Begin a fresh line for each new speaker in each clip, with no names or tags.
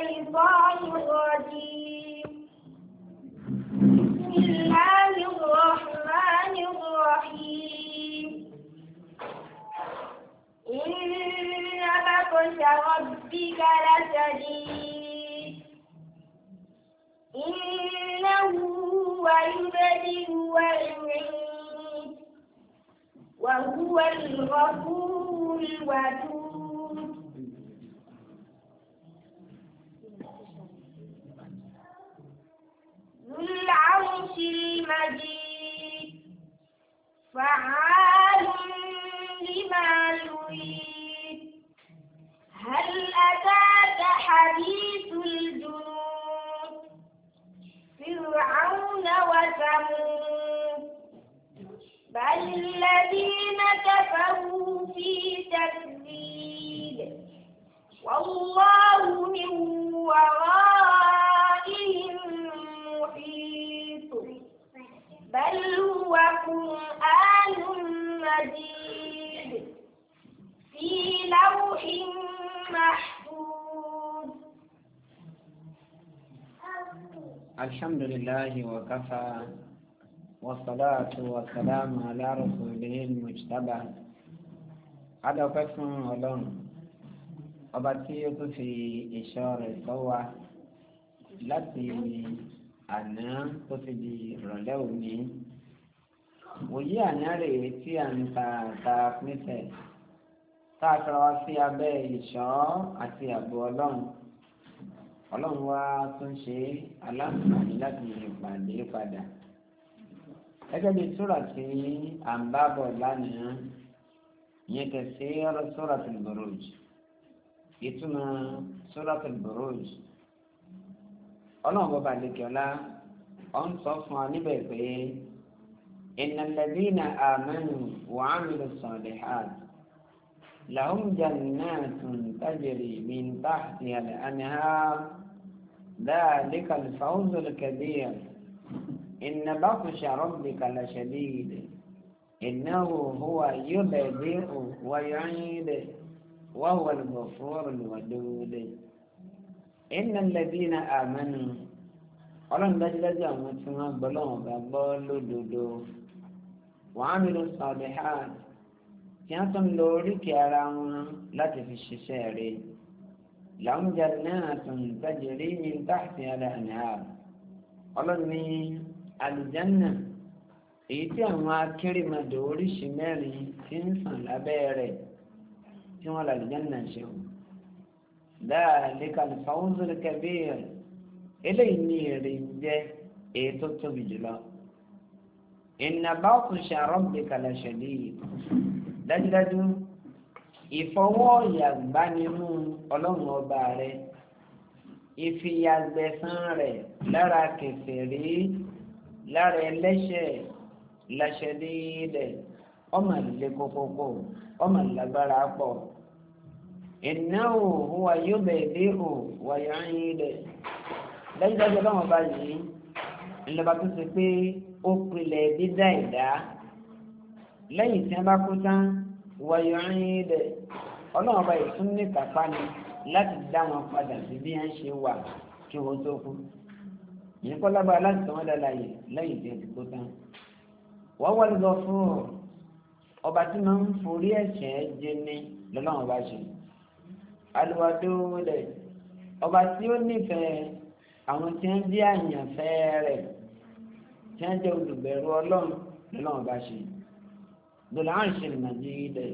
الشيطان الرجيم بسم الله الرحمن الرحيم إن بطش ربك لشديد إنه ويعيد وهو الغفور الودود المجيد فعال لما يريد هل أتاك حديث الجنود فرعون وثمود بل الذين كفروا في تكذيب والله من وراء بل هو قرآن في لوح محفوظ
الحمد لله وكفى والصلاة والسلام على رسوله المجتبى هذا قسم ولون ọba tí ó tún fi ìṣọ́ àná tó fi di ìrọ̀lẹ́ òní wòye ànyárè tí à ń ta ta pínfẹ̀ tá a sọ̀rọ̀ wá sí abẹ́ ìṣọ́ àti ààbò ọlọ́run ọlọ́run wá tún ṣe aláǹfààní láti ìpàdé padà gẹ́gẹ́ bí sóra tí à ń bá bọ̀ lánàá ìyẹn kẹsí sóra tó lè bọ̀rọ̀ jù ìtumọ̀ sóra tó lè bọ̀rọ̀ jù. ọlọ́run bọ́ba àlejòọ́lá ọ̀ ń sọ fún wa níbẹ̀ pé na amenu wà á mi le sọ̀rọ̀ hàn làwọn jannatun tajri min tahtiha al-anhar ذلك الفوز الكبير إن بطش wa لشديد إنه هو يبدئ le wa الغفور الودود ẹ̀nà lẹ́bí na àmánù ọlọ́run dájúdájú àwọn tí wọ́n gbọ́ lọ́wọ́ bá gbọ́ lódodo wọ́n á mi lọ sọ̀rọ̀ ha tí wọ́n tún lo oríkèé ara wọn láti fi ṣiṣẹ́ rẹ̀ làwọn náà tún tajìrí ní táàtì aláàánú ọlọ́run ní àlùjánà èyí tí àwọn akérèmọdò oríṣi mẹ́rin ti ń sàn lábẹ́ rẹ̀ tí wọ́n làlùjánà ṣe ذلك الفوز الكبير إليه رجع ètò tóbi jùlọ ìnàbàkù ṣàròbì kalẹ̀ ṣẹlẹ̀ yìí dájúdájú ìfọwọ́yàgbánimú ọlọ́run ọba rẹ ìfìyàgbẹ̀sán rẹ lára kèfèrí lára ẹlẹ́ṣẹ̀ làṣẹlẹ̀ ilẹ̀ ọmọ ìlẹ̀ kókókó ọmọ ìlágbára pọ̀ ìnáwó huwa yubdi'u wa yu'id dájúdájú ọlọ́run ọba yìí ńlọba tó ṣe pé ó pilẹ̀ dídá ẹ̀dá lẹ́yìn tí wọ́n bá kú tán wa yu'id ọlọ́run ọba yìí tún ní kápá ni láti dá wọn padà sí bí wọ́n ṣe wà kí wọ́n tó kú yìí kọ́ lábàá láti sọ wọ́n dára lẹ́yìn tí wọ́n ti kú tán wọ́n wọ́n lọ fún ọba tí wọ́n ń forí ẹ̀ṣẹ̀ jẹ ní lọ́lọ́run ọba ṣe alùwàdúwọlẹ̀ ọba tí ó nífẹ̀ẹ́ àwọn tí ń jẹ́ àyànfẹ́ rẹ̀ tí ń jẹ́ olùbẹ̀rù ọlọ́run lọ́wọ́n bá ṣe dọ̀là àrùṣe nàìjíríà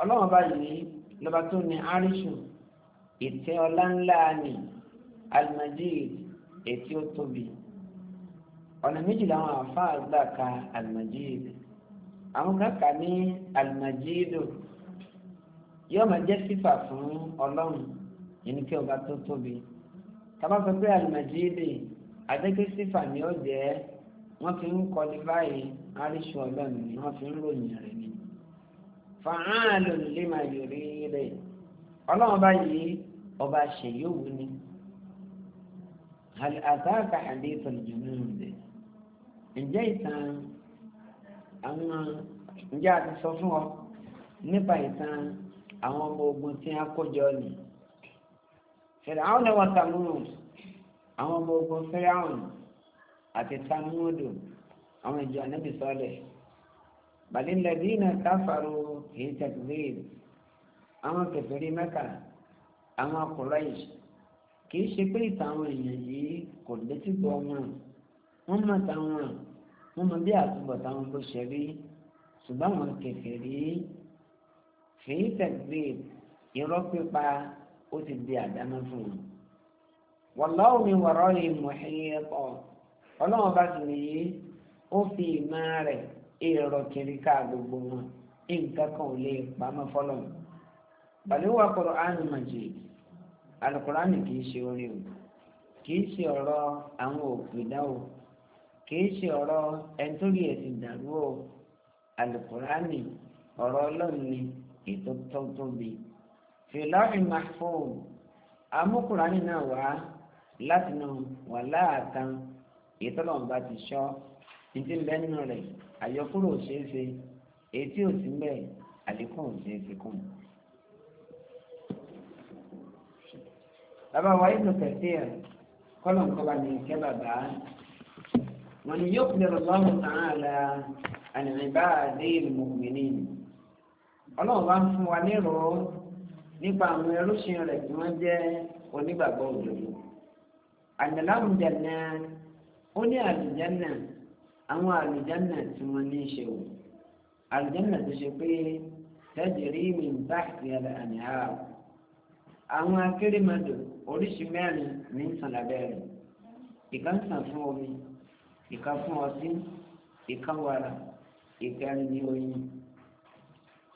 ọlọ́run bá yìí lọ́ba tó ní àrùṣù ìtẹ́ ọlá ńlá ni almajid ètí ó tóbi ọ̀nà méjì làwọn àfáà gbà ka almajid àwọn kan kà ní almajidu yóò máa jẹ́ sífà fún ọlọ́run yẹn ni kí ọba tó tóbi tábà sọ pé àlùmọ̀jídé àdékè sífà ni ó jẹ́ wọ́n fi ń kọ́ ní báyìí aríṣu ọlọ́run ni wọ́n fi ń ròyìn rẹ̀ ni. fàáàlù lè máa yòrí rẹ̀ ọlọ́run báyìí ọba ṣèyíòwú ni. àtàkà àdéhùn ìjọba ń bẹ̀. ǹjẹ́ ìtàn àwọn ǹjẹ́ àti sọ fún ọ nípa ìtàn àwọn ọmọ ogun tí a kójọ ni fìràwọn wa tamud àwọn ọmọ ogun fìràwọn àti tamudu àwọn ìjọ anábì sọlẹ balilẹdínà káfàró kìí tẹkìlíìlì àwọn kẹfìrí mẹ́kà àwọn akùrẹ́yì kìí ṣe pé ìtàwọn èèyàn yìí kò létí gbọ́ wọn wọ́n mọ̀ táwọn wọ́n mọ̀ bí àtúbọ̀ táwọn bó ṣe rí ṣùgbọ́n àwọn kẹfìrí fèyí tẹ̀gbìn irọ́ pípa ó ti di àdáná fún un. wallahu min wara'ihim muhit ọlọ́run bá sì ó fi ìmọ̀ rẹ̀ èrò kiri ká gbogbo wọn nǹkan kan ò lè pamọ́ fọlọ́ bàlúwà Qur'an majid alukurani ṣe o ṣe ọ̀rọ̀ àwọn o ọ̀rọ̀ ọlọ́run ètò tóbi fìlọ́rin mahfum amúkùránì náà wá láti nù wà láàtàn ètò lọ́nba ti sọ títí bẹ́ẹ̀ nínú rẹ̀ àyọkúrò ṣeéṣe etí òsì ń bẹ̀ àlékún òṣèṣe kùn. bàbá wa ibùdó tẹ̀sí ẹ̀ kọ́lọ̀ nǹkan bá ní ìkẹ́ bàbá wọn ni yóò fi lè rọ̀ lọ́rùn tàn án la àlè ìbáraẹni mọ̀mìnì ọlọ́run bá ń fún wa nírò nípa àwọn ẹrúṣin rẹ̀ tí wọ́n jẹ́ onígbàgbọ́ òdodo àjàláhùn jẹ̀nà ó ní àlùjànnà àwọn àlùjànnà tí wọ́n ní í ṣe o àlùjànnà tó ṣe pé tẹ́jìrì mi ń bá ìyàlẹ̀ àmì ara àwọn akérèmọdò oríṣi mẹ́rin ní sàn lábẹ́ rẹ̀ ìkan sàn fún omi ìkan fún ọtí ìkan wàrà ìkẹrin ní oyin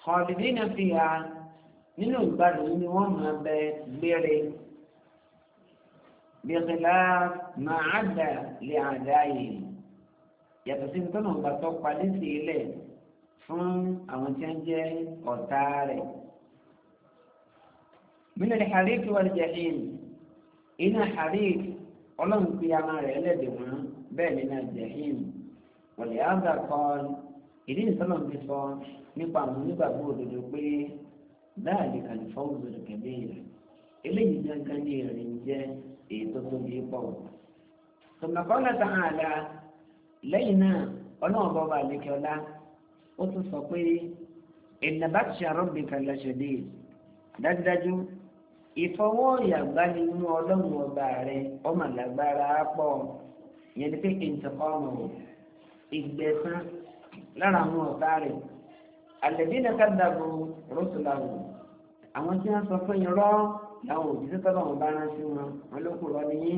khalidina fiha nínú ìgbàdùn ni wọ́n máa bẹ gbére bí ìṣẹ̀lá máa dà lè àdá yìí yàtọ̀ sí nítorí ọ̀gbà tó palí sí ilẹ̀ fún àwọn tí wọ́n jẹ́ ọ̀tá rẹ̀. من الحريق والجحيم إن حريق ọlọ́run pe ara rẹ̀ lẹ́dẹ̀ẹ́ wọn bẹ́ẹ̀ nínú jahim wọ̀lẹ́ àgbà kan ìdí nìkan náà fi sọ nípa àwọn onígbàgbọ́ òdodo pé láàrin kàlífà òdodo kẹ̀lé rẹ̀ eléyìí gángan ní ìrìn jẹ́ èyí tó tóbi pọ̀. tòmọ̀kọ́lá ta hàn àlá lẹ́yìn náà ọlọ́run bọ́ba àlékẹ́ọ́lá ó tún sọ pé ìnàbàtìṣà rọ́bì kàlá ṣẹ̀dẹ̀ dájúdájú ìfọwọ́ ìyàgbáni inú ọlọ́run ọba rẹ̀ ọmọ lágbára pọ̀ yẹn ni pé ìtọ́kọ́ lára àwọn ọ̀tá rẹ̀ alladhina kadhabu rusulahu àwọn tí wọ́n sọ fún irọ́ làwọn òbí tó tọ́lọ̀ wọn bá rán sí wọn wọn ló kúrò níyí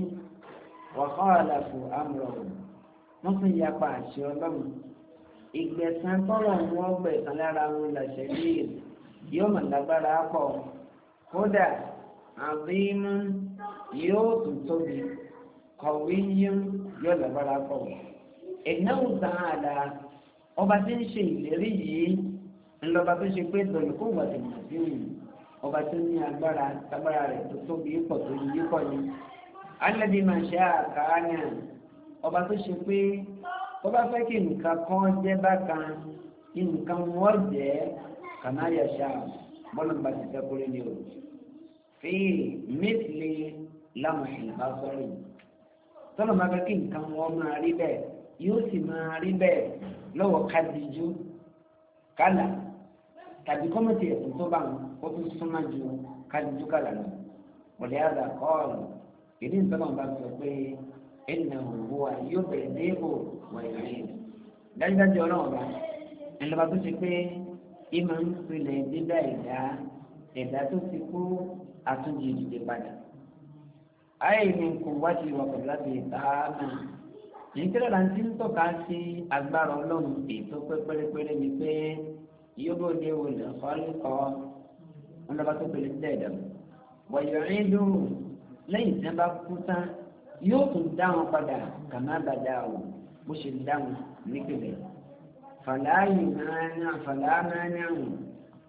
wa khalafu amrahu wọ́n tún yapa àṣẹ ọlọ́run ìgbẹ̀sán tọ́lọ̀ wọn gbẹ̀sán lára wọn làṣẹ yìí yóò mọ̀ lágbára pọ̀ kódà àbímú yóò tún tóbi kọ̀wé yín yóò lágbára pọ̀ ìnáwó sàn án dáa ọba tí ń ṣe ìlérí yìí ńlọba tó ṣe pé dọ̀lù kó wà lẹ́yìn àbíwì ọba tó ní agbára tágbára rẹ̀ tó tóbi pọ̀ tó yí pọ̀ ni. alẹ́bí máa ṣe àkáánà ọba tó ṣe pé ọba fẹ́ kí nǹkan kan jẹ́ bákan kí nǹkan wọ́n jẹ́ kànáyà ṣáà bọ́lá ń bá ti fẹ́ kúrẹ́ ní o. fi mẹ́tìlẹ́ láwọn ìlànà sọ́rọ̀ yìí tọ́lọ̀ máa fẹ́ kí nǹkan wọ́n máa rí bẹ́ẹ̀ yóò sì máa rí bẹ́ẹ̀ lọ́wọ́ kadiju kálà tàbí kọ́mọ̀tì ẹ̀sìn tó bá wọn ó tún súnmọ́ ju kadiju kálà lọ. wọ̀lẹ́ àgbà kọ́ọ̀lù ìdí ìtọ́nà bá sọ pé ẹnìyà òwò wa yóò bẹ̀rẹ̀ déèbò wọ̀ ìrìn. dájúdájú ọlọ́run bá ẹnìyàbá tó ṣe pé ìmọ̀ ń pilẹ̀ dídá ẹ̀dá ẹ̀dá tó ti kú àtúndì ìdìde padà. ayé mi kò wá ti pẹ̀lú láti ìta náà èyí tí lọ́la ti ń tọ́ka sí agbára ọlọ́run ètò pé pérépéré ni pé yóò lè wò lè kọ́lékọ́ ńlọba tó pèlè sílẹ̀ dẹ̀ wọ̀yọ̀ rí lóru lẹ́yìn tí wọ́n bá kú tán yóò tún dá wọn padà kàmá bàdá o bó ṣe dá wọn nípìnlẹ̀ fàlàyé mẹ́rin fàlàyé mẹ́rin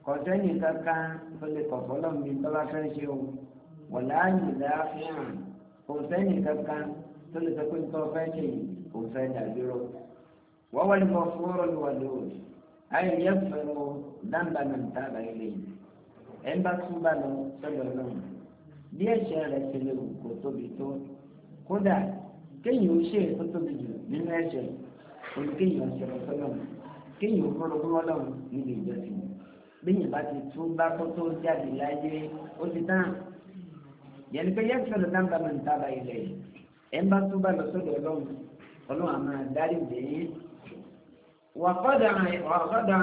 kọ̀tẹ́ nìkan kan tó lè kọ̀ fọlọ́mù bí tọ́lá fẹ́ ṣe o wọ̀láyé láàfin kọ̀tẹ́ nìkan kan tó lè sọ pé nǹkan fẹ́ ṣe yìí kò fẹ́ dàbírò wọ́n wọ́n lè mọ fúnrọ́ ló wà lóòrè ayé yẹn fẹ́ mọ dáńbà mi ta àbá ilé yìí ẹ̀ ń bá tún bá lọ sọ́dọ̀ náà bí ẹ̀ṣẹ̀ rẹ̀ ṣe lè wù kó tóbi tó kódà kéèyàn ó ṣe èso tóbi jù nínú ẹ̀ṣẹ̀ olùkéèyàn ṣẹlẹ̀ sọ́dọ̀ kéèyàn ó fọ́nà ẹ̀ ń bá tún bá lọ sọ́dọ̀ ọlọ́run ọlọ́run àmọ́ dárí dèé wàkọ́dà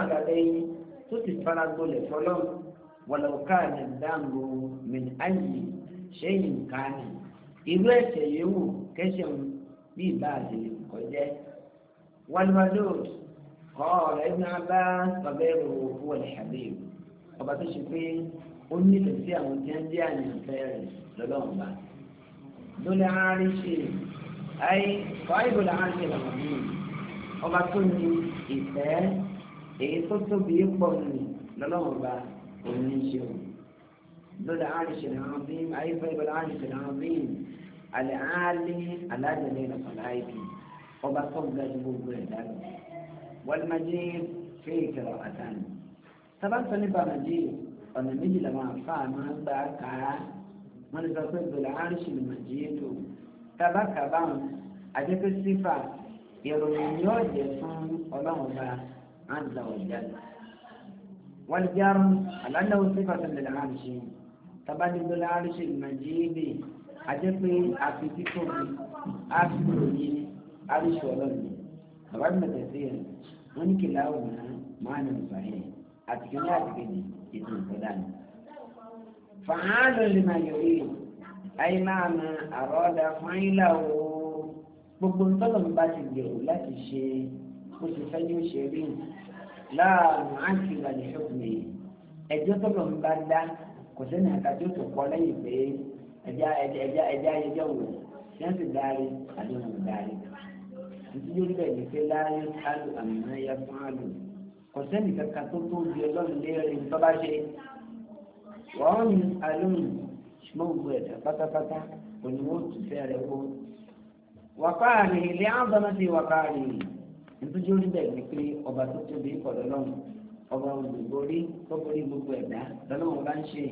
àgàdé yìí tó ti fara gbolẹ̀ fọlọ́run wàlọ́ọ̀ká ní dáńgò mìíràn ayé ṣẹ́yìn kánì irú ẹ̀sẹ̀ yòówù kẹsàn-án bí ìbá àdìrẹ kọjá wàlúwàlúwàlú kọ́ ọ̀rọ̀ náà bá bàbá ẹ̀rọ òkú ọ̀lẹ̀ ọba tó ṣe pé ó nílò sí àwọn jẹ́ńdí àyànfẹ́ rẹ̀ lọ́lọ́run báyìí lórí àárín ṣe ayé fàáìbò làárín ṣe lọ́wọ́ mi ọba tó ní ìfẹ́ èyí tó tóbi pọ̀ ní lọ́lọ́wọ́ bá òní ṣe o lórí àárín ṣe lọ́wọ́ mi ayé fàáìbò làárín ṣe lọ́wọ́ mi àlẹ́ àálẹ́ alájẹlẹ́ ìrọ̀lá ìbí ọba tó ga ju gbogbo ẹ̀ dánù wọ́n máa jẹ́ fèèkì rọ̀ àtàn sábà ń sọ nípa màjí ọ̀nà méjìlá máa fà máa gbà kára wọ́n ti sọ pé bẹ̀rẹ̀ àríṣì lè màjí ètò kábàkábà àjẹpẹ́ sífà ìròyìn yóò jẹ fún ọlọ́run ọba àǹdà ọ̀já wọ́n ti járó àlálẹ́ òsífà tó bẹ̀rẹ̀ àríṣì tabali bẹ̀rẹ̀ àríṣì lè màjí èdè àjẹpẹ́ àfikí tóbi àfikí òyìn àríṣì ọlọ́run àbájú mẹ́tẹ̀ẹ̀sì rẹ̀ wọ́n ní kìlá náà máa ń rìn sọ̀rọ̀ àtìkẹ́ ní àtìkẹ́ ní ètò ìfọ̀dánù fàánù lima yòrí ayé ma àrọ́dà fáńlá o gbogbo ntọ́lọ̀ ń bá ti gbèrò láti ṣe kó ti fẹ́ ní oṣù rí láàmú àti ìbàdí ṣọ́kùnrin ẹjọ́ tọ́lọ̀ ń bá dá kò sẹ́ni àkàtì ó tó kọ́ lẹ́yìn pé ẹja ẹja ẹja ẹjọ́ wò yẹn ti dárí àdéhùn dárí ntí yóò bẹ̀ ní pé láyé alu àmì náà yẹ fún kò sẹ́ni kankan tó tó di ọlọ́run léèrè ntọ́ bá ṣe. wọ́n ń alóhùn gbogbo ẹ̀dá pátápátá òní wọ́n fẹ́ rẹ̀ wọ́n. wàkàrí ilé àbọ̀nà ti wàkàrí ìtújú orí bẹ́ẹ̀ ni pé ọba tó tóbi kọ̀dọ̀ lọ́hùn ọba olùborí tó borí gbogbo ẹ̀dá lọ́lọ́wọ́ bá ń ṣe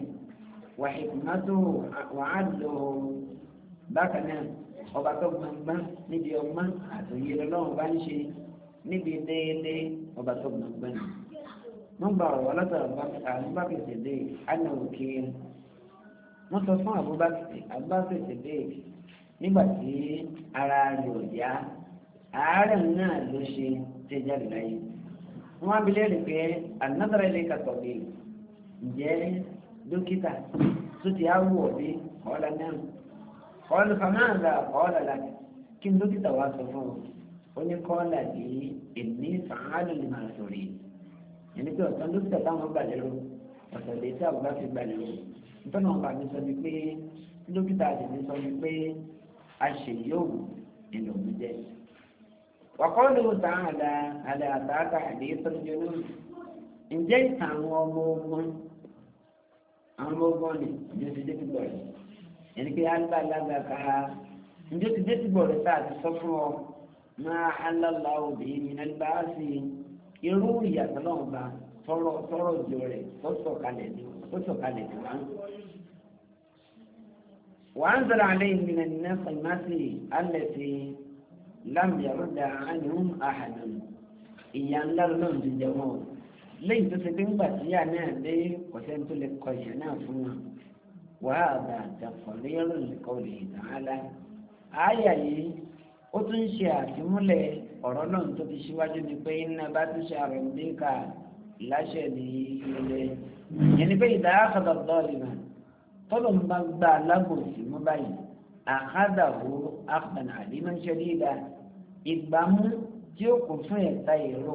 wàhìkùnmátò wàhálò bákan náà ọba tó gbọ̀ngbọ́n níbi ọgbọ́n àtòyè lọ́lọ́wọ́ bá ń ṣe níbi déédéé ọba tó náà. nígbà ọ̀rọ̀ látara Abubakar Siddiq ana wakil wọ́n sọ fún Abubakar Siddiq nígbà tí ara rẹ̀ ò yá àárẹ̀ náà ló ṣe ṣe jáde láyé wọ́n á bilẹ̀ rẹ̀ pé anadara ilé kakọ̀ bí ǹjẹ́ dókítà tó ti áwù ọ̀dí ọ̀la náà ọ̀la fanáàlà ọ̀la la kí dókítà wá sọ fún un ó ní kọ́ọ̀là yìí èmi fàálù ni màá sọ̀rọ̀ yìí ẹni pé ọ̀sán ló tẹ̀ táwọn gbà lérò ọ̀sẹ̀ lè tí àbúrò ti gbà lérò nítorí wọn bá mi sọ ni pé dókítà sì mi sọ ni pé aṣèyóòwò ìlú mi jẹ. wàkọ́lù tàn àdá àdá àtàkà àdé tọ́jú lónìí ǹjẹ́ ìtàn àwọn ọmọ ogun àwọn ọmọ ogun ni ìjọ ti dé ti bọ̀ ẹni pé alba alága ká ìjọ ti dé ti bọ̀ tá a ti sọ fún ọ máa alálàá òbí ní alba irú ìyàtọ̀ náà bá tọrọ tọrọ jọ rẹ̀ tó sọ̀kalẹ̀ tó sọ̀kalẹ̀ tó wá. wàá zọrọ alẹ́ ìmìnà nínú fàmásì alẹ́ ti lámìyàrúdà ánìhùn àhàdùn ìyá ńlá náà ti wọn lẹ́yìn tó ṣe pé ńgbà tí ìyá náà dé kọ̀ṣẹ́ tó lè kọ ìyá náà fún wọn. nìkan lè dàn án lá. yìí ó tún ọ̀rọ̀ náà tó ti ṣíwájú ni pé iná bá ti ṣe àrùn bíkà láṣẹ ní ilé yẹn ni pé ìdá àkàdà dọ́ọ̀lìmà tọ́lọ̀ ń bá gba alábòsí mú báyìí àkàdàwó àpànà àdínánṣẹ́ dídá ìgbàmú tí ó kún fún ẹ̀ta ìró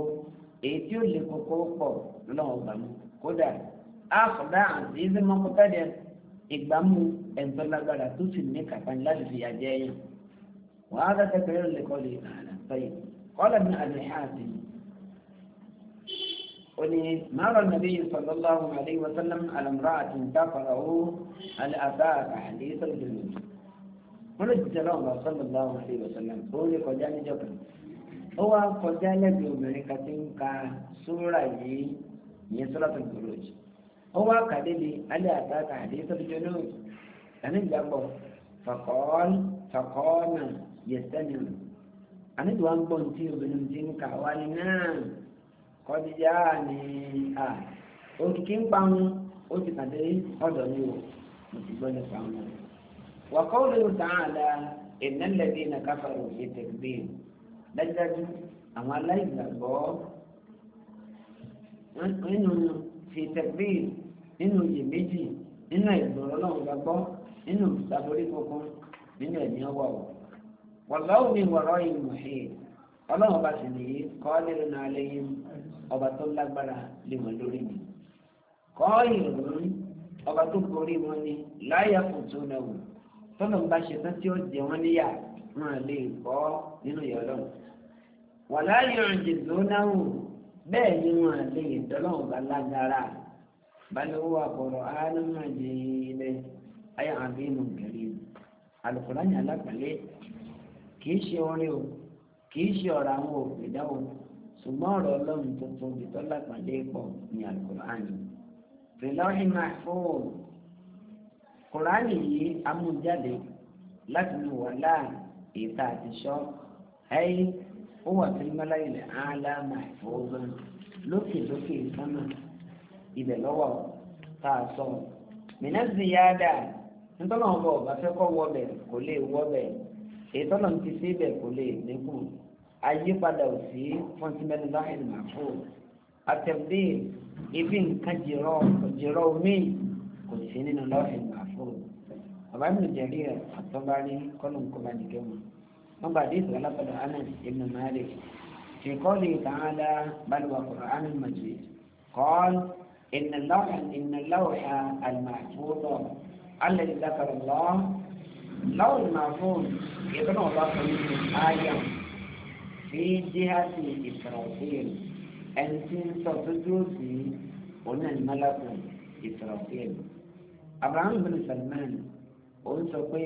èyí tí ó lè kókó pọ̀ lọ́wọ́ gbàmú kódà àkàdà àzízí mọ́kútàdé ìgbàmú ẹ̀ńtọ́ lágbára tó sì ní kàpá láti fìyà jẹ́ yẹn wàá dá tẹ́kẹ̀rẹ́ lẹ́kọ́ lè nàá قال ابن أبي حاتم قل مر النبي صلى الله عليه وسلم على امرأة تقرأ الأفاق حديث الجنود wọ́n ti tẹ̀lé ọ̀gá sọ́dọ̀lá ọ̀hún àti ìwọ̀sọ̀lá ó lè kọjá níjọ́ kan ó wá kọjá lẹ́bi obìnrin kan tí ń ka súrà yìí ìyẹn sọ́dọ̀ tó gbòòrò jù ó wá kàdé bi alẹ́ àtàkà àdé sọ́dọ̀jọ́ lóòjì lànà ìgbàgbọ́ fàkọ́ọ́nà yẹ̀sẹ́nìmù àníbi wa ń gbọ́n tí obìnrin ti ń kà wá ní náà kọ́díjà ni à òkìkí ń parun ó ti pàdé ọ̀dọ̀ mi wò mo ti gbọ́ nípa wọn. wà kọ́ ló ń tàn án la ìnálẹ́bí na káfàrọ̀ ìtẹ̀gbé dájúdájú àwọn aláìgbàgbọ́ nínú ìtẹ̀gbé nínú iyèméjì nínú ìgbọ̀rọ̀ náà gbàgbọ́ nínú ìsàbórí kankan nínú ẹ̀mí ọwọ́ ọ̀ wọ̀láwù ní wọ̀rọ̀ ìmùhè ọlọ́run ọba sì nìyí kọ́ lérò náà lẹ́yìn ọba tó lágbára lé wọn lórí mi kọ́ ìrùn ọba tó borí wọn ni láyà kò tó náà wò tọ́lọ̀ ń bá ṣe tán tí ó jẹ wọ́n níyà wọn lè bọ́ nínú ìyá ọlọ́run wàláyé ọ̀jẹ̀ lónáwó bẹ́ẹ̀ ni wọn lè dọ́lọ́run bá lágbára balùwò àbọ̀rọ̀ àánú máa ilẹ̀ ayé àbí ìmọ̀ kìí ṣe orin o kìí ṣe ọ̀rọ̀ àwọn òpèdá o ṣùgbọ́n ọ̀rọ̀ ọlọ́run tó tóbi tó lápàdé pọ̀ ní àlùkùránì fìlọ́hìn máa fóò kùránì yìí amújáde láti ní wàhálà ìta àtìṣọ́ ẹ̀yìn ó wà sí mọ́láyìlẹ̀ áńlá máa fóò gan lókè lókè sánà ibẹ̀ lọ́wọ́ tá a sọ mìíràn sì yáa dà nítorí àwọn ọba ọba fẹ́ kọ́ wọ́ bẹ̀ kò lè wọ́ bẹ̀ ètò náà ti sí ibẹ̀ kò lè dínkù àyípadà ò sí fọ́ńtímẹ́lì láhìn màfò àtẹ̀bí ibi nǹkan jìrọ̀ jìrọ̀ omi kò sí nínú láhìn màfò bàbá mi jẹ̀rí ẹ̀ àtọ́bárí kọ́nù kọ́ba nìkẹ́ wọn wọn gbàdé ìsọ̀rọ̀ alápàdà Anas ibn Malik في قوله تعالى بل وقرآن مجيد قال إن اللوح إن اللوح المحفوظ الذي ذكر الله láwọn ìmàfóònù ìyẹ́tọ́ náà bá fún mi ayọ̀ fi jẹ́ àti ìfàràfíìn ẹni tí ń sọ tó dúró sí ọ̀nà ìmọ̀láfún ìfàràfíìn. abraham bin salman ó ń sọ pé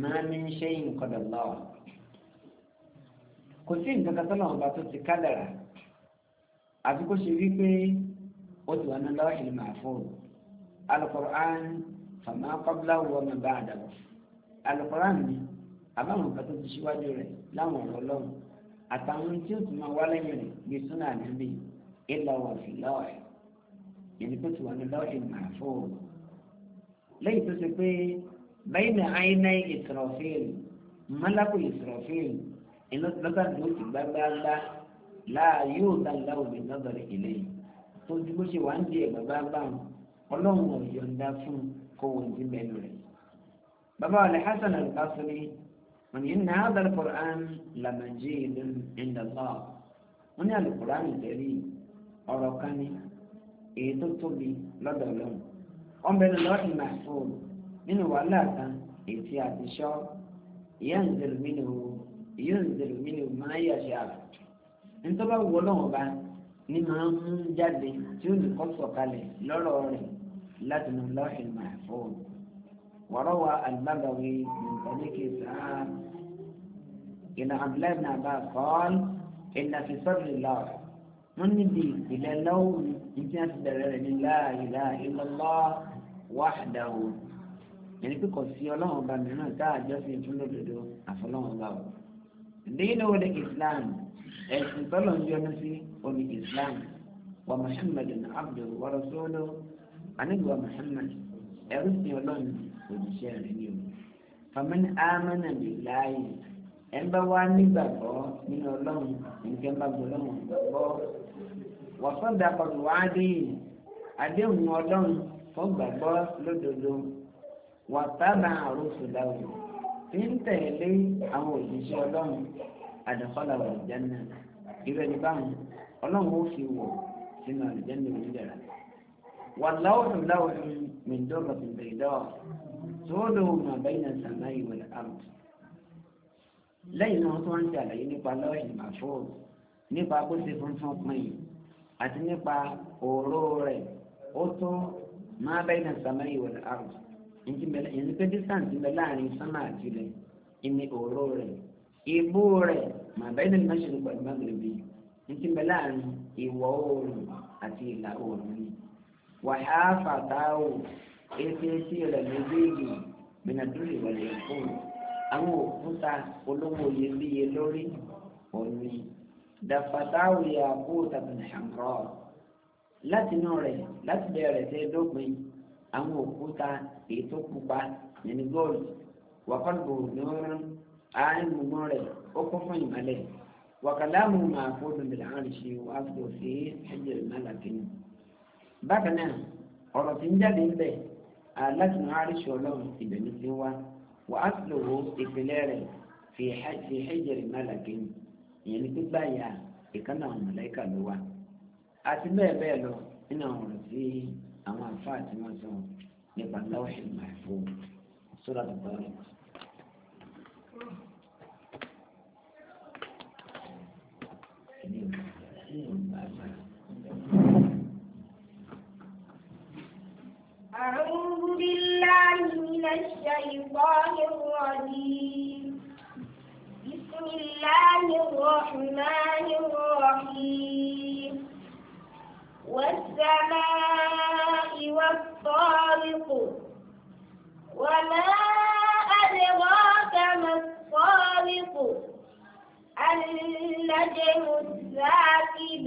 máa ní ṣe ìkọdọ̀ lọ. kò sí nǹkan kan tọ́lọ̀ ọba tó ti kádàrà àti kó ṣe wí pé ó ti wà ní lọ́wọ́ ìmàfóònù alukọ̀rọ̀ án fàmà kọ́bíláwò wọn bá àdàbọ̀ alukóran ni àbáwọn kan tó ti ṣíwájú rẹ̀ láwọn ọ̀rọ̀ lọ́wọ́ àtàwọn tí ti máa wá lẹ́yìn rẹ̀ bí súnà níbi ìlà òfin lọ́ọ̀ẹ́ yẹnni tó ti wà ní lọ́ọ̀ẹ́ màfó lẹ́yìn tó ṣe pé bẹ́ẹ̀ ni àyínná Israfil mọ́lákù Israfil iná lọ́tà ni ó ti gbágbáágbá láà yóò dá ìlàwọ̀ mi lọ́dọ̀rẹ̀ ilé tó dúró ṣe wà ń di ẹ̀ gbàgbáágbá wọn ọlọ́run ọ̀yọ̀ǹda fún kó wọn ti bẹ́ẹ̀ lọ بابا لحسن القصري من إن هذا القرآن لمجيد عند الله من هذا القرآن الكريم ايتو إيتوتوبي لدولهم أم بين الله المحفوظ من ولاة إتيات الشر ينزل منه ينزل منه ما يشاء أنت بقى ولهم بقى ni máa ń jáde tí ó lè kọ́ sọ̀kalẹ̀ lọ́rọ̀ rẹ̀ láti máa وروى البغوي من ذلك سعاد إن عبد الله بن عباس قال إن في صدر الله من يدي إلى اللون يمكن أن لا إله إلا الله وحده يعني في قصي الله بمعنى تاجس يمكن لدو أفلون الله دين هو الإسلام الإسلام يونسي هو الإسلام ومحمد عبده ورسوله هو محمد أرسل الله òjíṣẹ́ rẹ̀ ni o. famin amana billahi ẹ̀ ń bá wá nígbàgbọ́ nínú ọlọ́run nǹkan bá gbọ́lọ́run gbọ́. wọ́sọ̀ dàpọ̀lù wá dé àdéhùn ọlọ́run fún gbàgbọ́ lódodo wàtábà àrùsùláwò tí ń tẹ̀lé àwọn òjíṣẹ́ ọlọ́run àdàkọ́là wà ìjánná irú ẹni báwọn ọlọ́run ó fi wọ̀ sínú àlùjẹ́nà ìjẹ́ra wà láwùjọ láwùjọ mìíràn bàtìbẹ̀rẹ̀ dọ́ọ̀ tóóló máa bẹ́ẹ̀ náà sàmá ìwẹ̀ àrùn. lẹ́yìn náà tó ń ṣàlàyé nípa lọ́ọ̀hìn màfó nípa bó ṣe funfun pin àti nípa òró rẹ̀ ó tó máa bẹ́ẹ̀ náà sàmá ìwẹ̀ àrùn. ìyẹn pé distance ń bẹ láàrin sánmà àti ilẹ̀ ìní òró rẹ̀ ìbú rẹ̀ máa bẹ́ẹ̀ náà máa ṣe lè pẹ̀lú mágìlìbì ìyẹn bẹ láàrin ìwọ̀ oòrùn àti ìlà oòrùn ni wàhálà fàtàwọ̀ etí etí rẹ̀ méjèèjì gbìyànjú ìwọlé fún àwọn òkúta olówó iyebíye lórí òní dàfàtàwì àbú tàbí ṣàǹkọ́ látinú rẹ̀ láti bẹ̀rẹ̀ sí dópin àwọn òkúta èyí tó pupa nínú gold wàkọ́lùbù lóorùn àárín gbogbo rẹ̀ ó kún fún ìmọ̀lẹ̀ wàkàlámù máa fọ́dún bìlà àrùsí wàá fò sí ẹ̀jẹ̀ mọ́lá kìnnì bákan náà ọ̀rọ̀ tí ń jáde ń bẹ̀ aláàtì náà àríṣẹ́ ọlọ́run ibẹ̀ ló ti wá wà á sì lòwó ìpínlẹ̀ rẹ̀ fi hẹ́jẹ̀rì málàkín ìyẹn ní gbígbà yà ìkànnà àwọn mọ̀lẹ́kà ló wá àti bẹ́ẹ̀ bẹ́ẹ̀ lọ nínú àwọn ọ̀rọ̀ tí àwọn àfáà tí wọ́n sọ nípa lọ́wọ́ ìmọ̀ سورة الطارق Thank you.
أعوذ بالله من الشيطان الرجيم بسم الله الرحمن الرحيم والسماء والطارق وما أدراك ما الطارق النجم الثاقب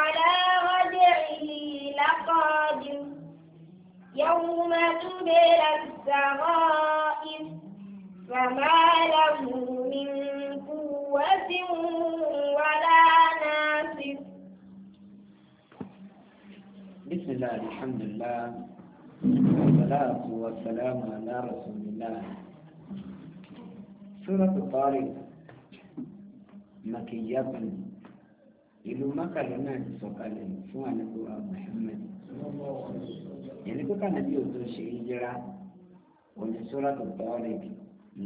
يوم تبلى السرائر فما له من قوة ولا ناصر
بسم الله الحمد لله والصلاة والسلام على رسول الله سورة الطارق مكية ìlú mọ́kàlá náà ti sọ̀kalẹ̀ fún àlùkò Muhammad yẹni pé kànáàbí ò tó ṣe yíyára oníṣọ́ra tó tọ́ rẹ̀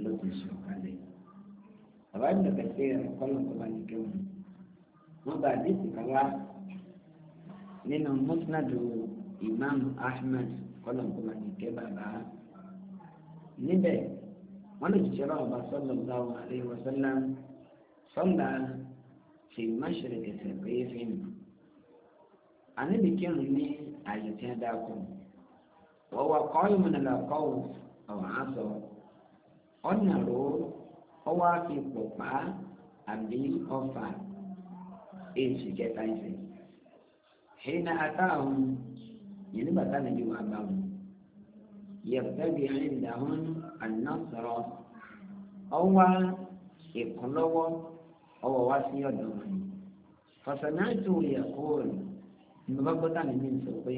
ló ti ṣọ̀kalẹ̀ bàbá mi lọ́kẹ́ sí ẹ̀rọ kọ́lọ̀ tó bá ní kéwòn wọ́n bá àdéhùn kan wá nínú mọ́tínàdù Imam Ahmad kọ́lọ̀ tó bá ní ké bàbá níbẹ̀ wọ́n lè ṣiṣẹ́ lọ́wọ́ bá sallallahu alaihi wasallam sọ́lá fi mashriqi kẹsẹ̀ pé fi hàn. àníbi kírun ní àyè tí a dáa kù wọ́n wá kọ́ ìmọ̀nàlá kọ́wù àwọn aṣọ ọ̀nà ro ọwọ́ àfi pọ̀pá àbí ọfà èsì kẹta ẹsẹ̀ hìnà àtàwọn yìí nígbà táwọn ẹni wà bá wọn yẹ̀fẹ́bi àìdáhùn ànásọ̀rọ̀ ọwọ́ ìkúnlọ́wọ́ ọwọ́ wá sí ọ̀dọ̀ wọn fọ̀sọ̀nà tó yẹ kóòlù ní bàbá gbọ́dọ̀ mi sọ pé.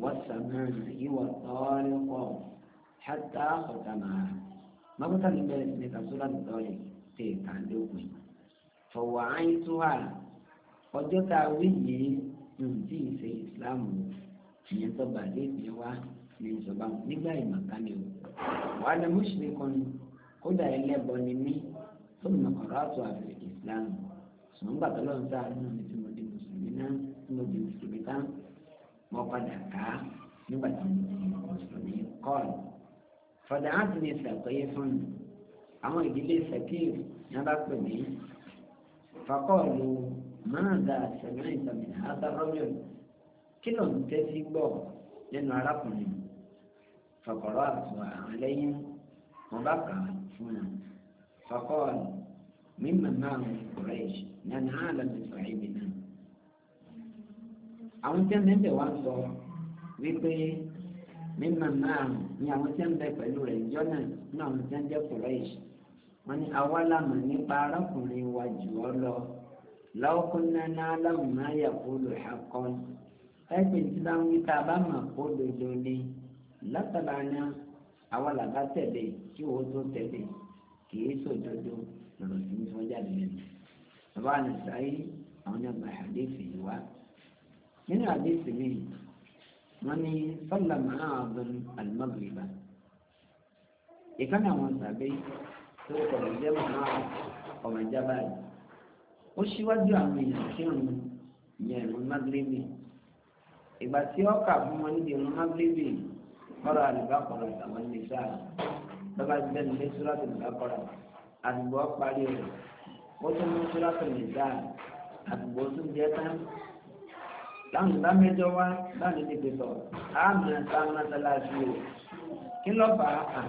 والسماء والطارق حتى ختمها ما قلت من تفسير الطارق تيكان دوكوي فوعيتها ọjọ́ tá a wí yìí nǹtí ìṣe ìsìláàmù ìyẹn tó bá dé ìpín wa ní ìjọba nígbà ìmọ̀ká ni o wà á lè mú ṣe kan kódà ẹlẹ́bọ ni mí tó mọ̀ ọ̀rọ̀ àtọ̀ àfẹ́ ìsìláàmù ṣùgbọ́n gbàtọ́ lọ́nà tá a nù ní tí mo di mùsùlùmí náà tí mo di mùsùlùmí náà. وقد مقدمة المسلمين قال فدعتني سقيف أما جلي سقيف نبقني فقالوا ماذا سمعت من هذا الرجل كلهم تسيبوا لأنه عرفني فقرأت عليهم وبقى فنا فقال ممن معه قريش لن عالم صاحبنا àwọn tí ń bẹ ń bẹ wá sọ wípé mímọ náà ni àwọn tí ń bẹ pẹ̀lú rẹ̀ jọ́nà ní àwọn tí ń jẹ́ kùrẹ́ṣ wọn ni àwa lámà nípa arákùnrin wa jù ọ lọ lọ́kùnrin náà láwùn máa yà kó lò ṣàkọ́ ẹ̀sìn tí láwọn wíta bá mà kó dodo ni látara náà àwa làbá tẹ̀lé kí owó tó tẹ̀lé kì í sòdodo lọ́rọ̀ tí wọ́n jáde lẹ́nu. bàbá àlùsáyé àwọn ọgbà àdéhùn yìí wá nínú àdéhùn mi wọ́n ní sọ́là mahaabun al-maghriba ìkànnì àwọn sàbẹ̀ tó kọ̀rọ̀ jẹ́ mahaab ọmọ ìjábá yìí ó ṣíwájú àwọn èèyàn kírun ìyẹn ìrún maghribi ìgbà tí ó kà fún wọn níbi ìrún maghribi kọ́ra àlùbákọ̀rọ̀ àwọn nìṣà bàbá gbẹ́ni lé sùràtù àlùbákọ̀rọ̀ àdùgbò parí rẹ̀ ó tún mú sùràtù nìṣà àdùgbò tún jẹ́ tán táwọn ìbá mẹ́jọ wá báwọn ní ti sọ àmì ẹ̀ta mọ́sálásí o kí ló fà á kà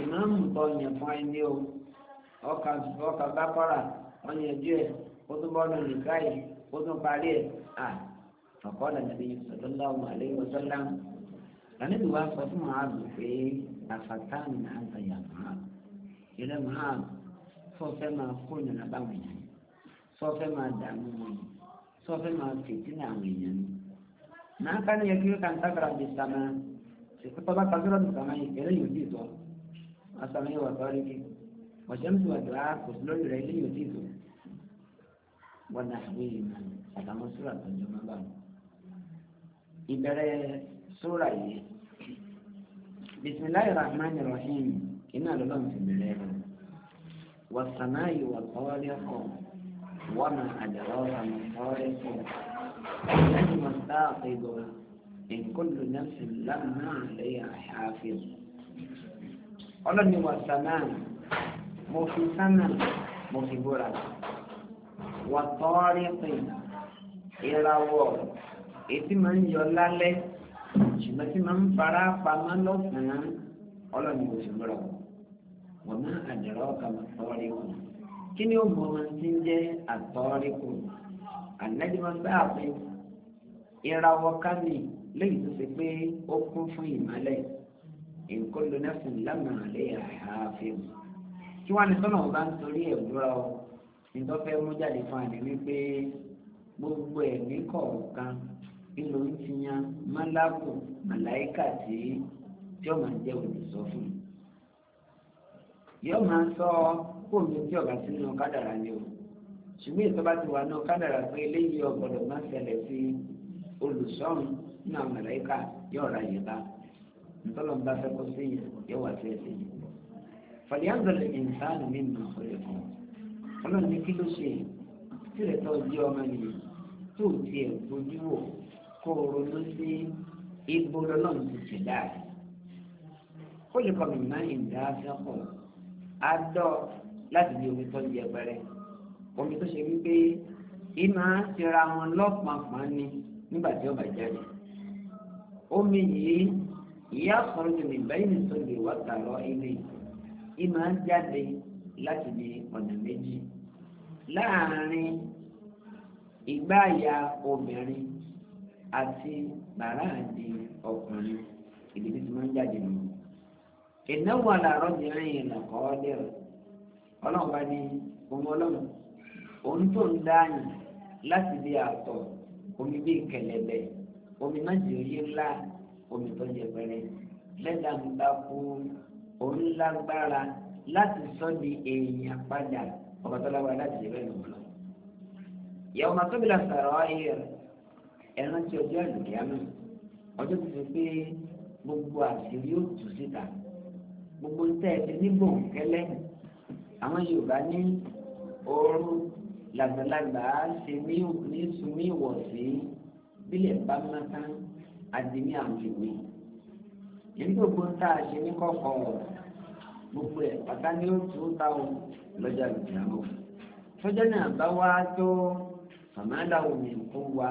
ìmáàmù tó yẹn fún ẹni o ọkà ọkà bákọ́rà ọ̀yẹ̀jú ẹ̀ ó tún bọ́ọ̀lù nìkáyì ó tún parí ẹ̀ à ọ̀kọ́ lànàbí sallallahu alaihi wasallam lànàbí wa sọ fún màálù pé àfàtàmì àgbàyà màálù ìrẹ́ màálù fọ́ọ̀fẹ́ máa kó ìnira yẹn fọ́ọ̀fẹ́ máa dààmú wọn yìí sọfẹ́ máa fìtí ní àwọn èèyàn ni. náà ká ní ẹgbẹ́ kan tábìlà bí sàmà ṣèkútọ́ bá tábìlà bí sàmà yìí kẹlẹ́ yóò dìtọ̀ ọ̀sàmì yóò wà sọ́ọ́rí kí ọ̀ṣẹ́ mi ti wà dùn á kò sí lórí rẹ̀ ilé yóò dìtọ̀ wọ́n náà wí ìmọ̀ àtàwọn sóra tó ń jọmọ́ bá wọn. ìbẹ̀rẹ̀ sóra yìí bisimilayi rahman rahim iná lọ́lọ́run ti bẹ̀rẹ̀ rẹ̀ sàmà yìí wà sọ́ọ́rí ọkọ̀ وما أدراك ما الطارق نجم الثاقب إن كل نفس لما عليها حافظ ọlọ́ni wà sàmáà mo fi sánà mo fi búra wà tọ́ọ́rí pé ìràwọ̀ ètí máa ń yọ lálẹ́ ṣùgbọ́n tí máa ń fara pamọ́ lọ́sàn-án ọlọ́ni kò sì búra wọ́n máa àdìrọ́ ọ̀kà mọ́ tọ́ọ́rí kù kí ni ó mọ wọn ti ń jẹ́ àtọ́ríkù ànájúmọ́gbé àfin ìrawọ́ kámi lẹ́yìn tó ṣe pé ó kún fún ìmọ́lẹ̀ nǹkan lóná fún lámàá lẹ́yìn àhàfin kí wọ́n ní sọ́nà ọba ń torí ẹ̀ búra ọ nítorí fẹ́ mú jáde fún àdé wípé gbogbo ẹ̀mí kọ̀ọ̀kan nínú ń ti yan málákù màláìkà tí yóò máa jẹ́ olùsọ fún yóò máa sọ ọ́ kó omi tí ọ̀gá sí nínú kádàrà ni o ṣùgbọ́n ìtọ́ bá ti wà nínú kádàrà pé eléyìí ọ̀gbọ̀dọ̀ máa ṣẹlẹ̀ sí olùsọ́run nínú àwọn màláíkà yóò ra yìí bá ntọ́lọ́ bá fẹ́ kó sí yẹn yóò wà sí ẹsẹ̀ yìí. fàlíyàndọ̀lẹ̀ ìǹsánù mi nà ọ̀rẹ́ fún ọlọ́run ní kí ló ṣe tílẹ̀ tó jẹ́ ọmọ nìyí tó tiẹ̀ bójú wò kó ronú sí igbó lọ́lọ́run ti ṣẹ̀dá rẹ̀. ó lè kọ́ mi máa ń fẹ́ pọ̀ á láti di omi tó yẹ pẹrẹ omi tó ṣe wípé iná ṣera wọn lọ́pọ̀npọ̀n ni nígbà tí ó bá jáde omi yìí ìyá sọ̀rọ̀ ju nìbẹ́yìn nìsọ̀lẹ̀ wà tààrọ̀ ilé iná jáde láti di ọ̀nà méjì láàárín ìgbáàyà obìnrin àti bàrá àdì ọkùnrin ìdílé tí wọ́n ń jáde nù. ìnáwó àlàrọ̀ obìnrin ìlàkọ́ ọ́dẹ̀rẹ̀ ọlọ́run bá ní òun ọlọ́run òun tó ń dáàyàn láti bí àtọ̀ omi bí kẹlẹ̀bẹ̀ omi má jẹ́ oyé ńlá omi tó jẹ pẹrẹ lẹ́dà ń bá kú òun lágbára láti sọ di èèyàn padà ọba tó lágbára láti jẹ bẹ́ẹ̀ nìkan. ìyàwó máa tóbi la sọ̀rọ̀ ayé rẹ̀ ẹran tí ọjọ́ àlùkìá náà ọjọ́ tó ti pé gbogbo àṣírí yóò tù síta gbogbo tẹ́ ẹ ti ní bòńkẹ́lẹ́ àwọn Yorùbá ní ooru làgbàlagbà ṣe mí ní sumi wọ̀ sí bílẹ̀ bá mọ́tán àdìmí àǹfìwé ní gbogbo tá a ṣe ní kọ̀kọ̀ gbogbo ẹ̀ pátá ní ó tún táwọn lọ́jà lùdìyàwó sọ́jà náà bá wá tó fàmádà omi tó wá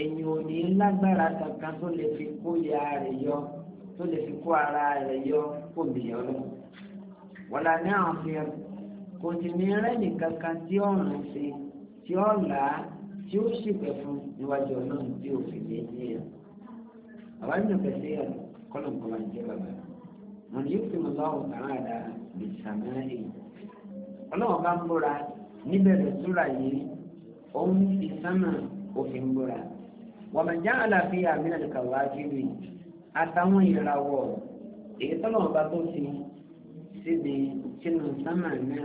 èyàn ò ní lágbára kankan tó lè fi kó ya rẹ̀ yọ tó lè fi kó ara rẹ̀ yọ kó mi yọ lọ́wọ́ wọ́lá ní àwọn fi kò sì ní rẹ́nì kankan tí ó rìn sí tí ó là á tí ó sì pẹ̀ fún níwájú ọlọ́run tí ò fi lé ní ẹ̀. àwa nínú pẹ̀lú ẹ̀ kọ́lọ̀ nǹkan máa ń jẹ́ bàbá. mo ní fi mo lọ́wọ́ àwọn àdá lè sàmẹ́rì. ọlọ́run bá ń búra níbẹ̀rẹ̀ súra yìí òun ti sánà òfin búra. wọ́n jẹ́ àlàáfíà mílíọ̀nù kàwá kiri àtàwọn ìràwọ̀ èyí tọ́lọ́run bá tó ti síbi sínú sámà náà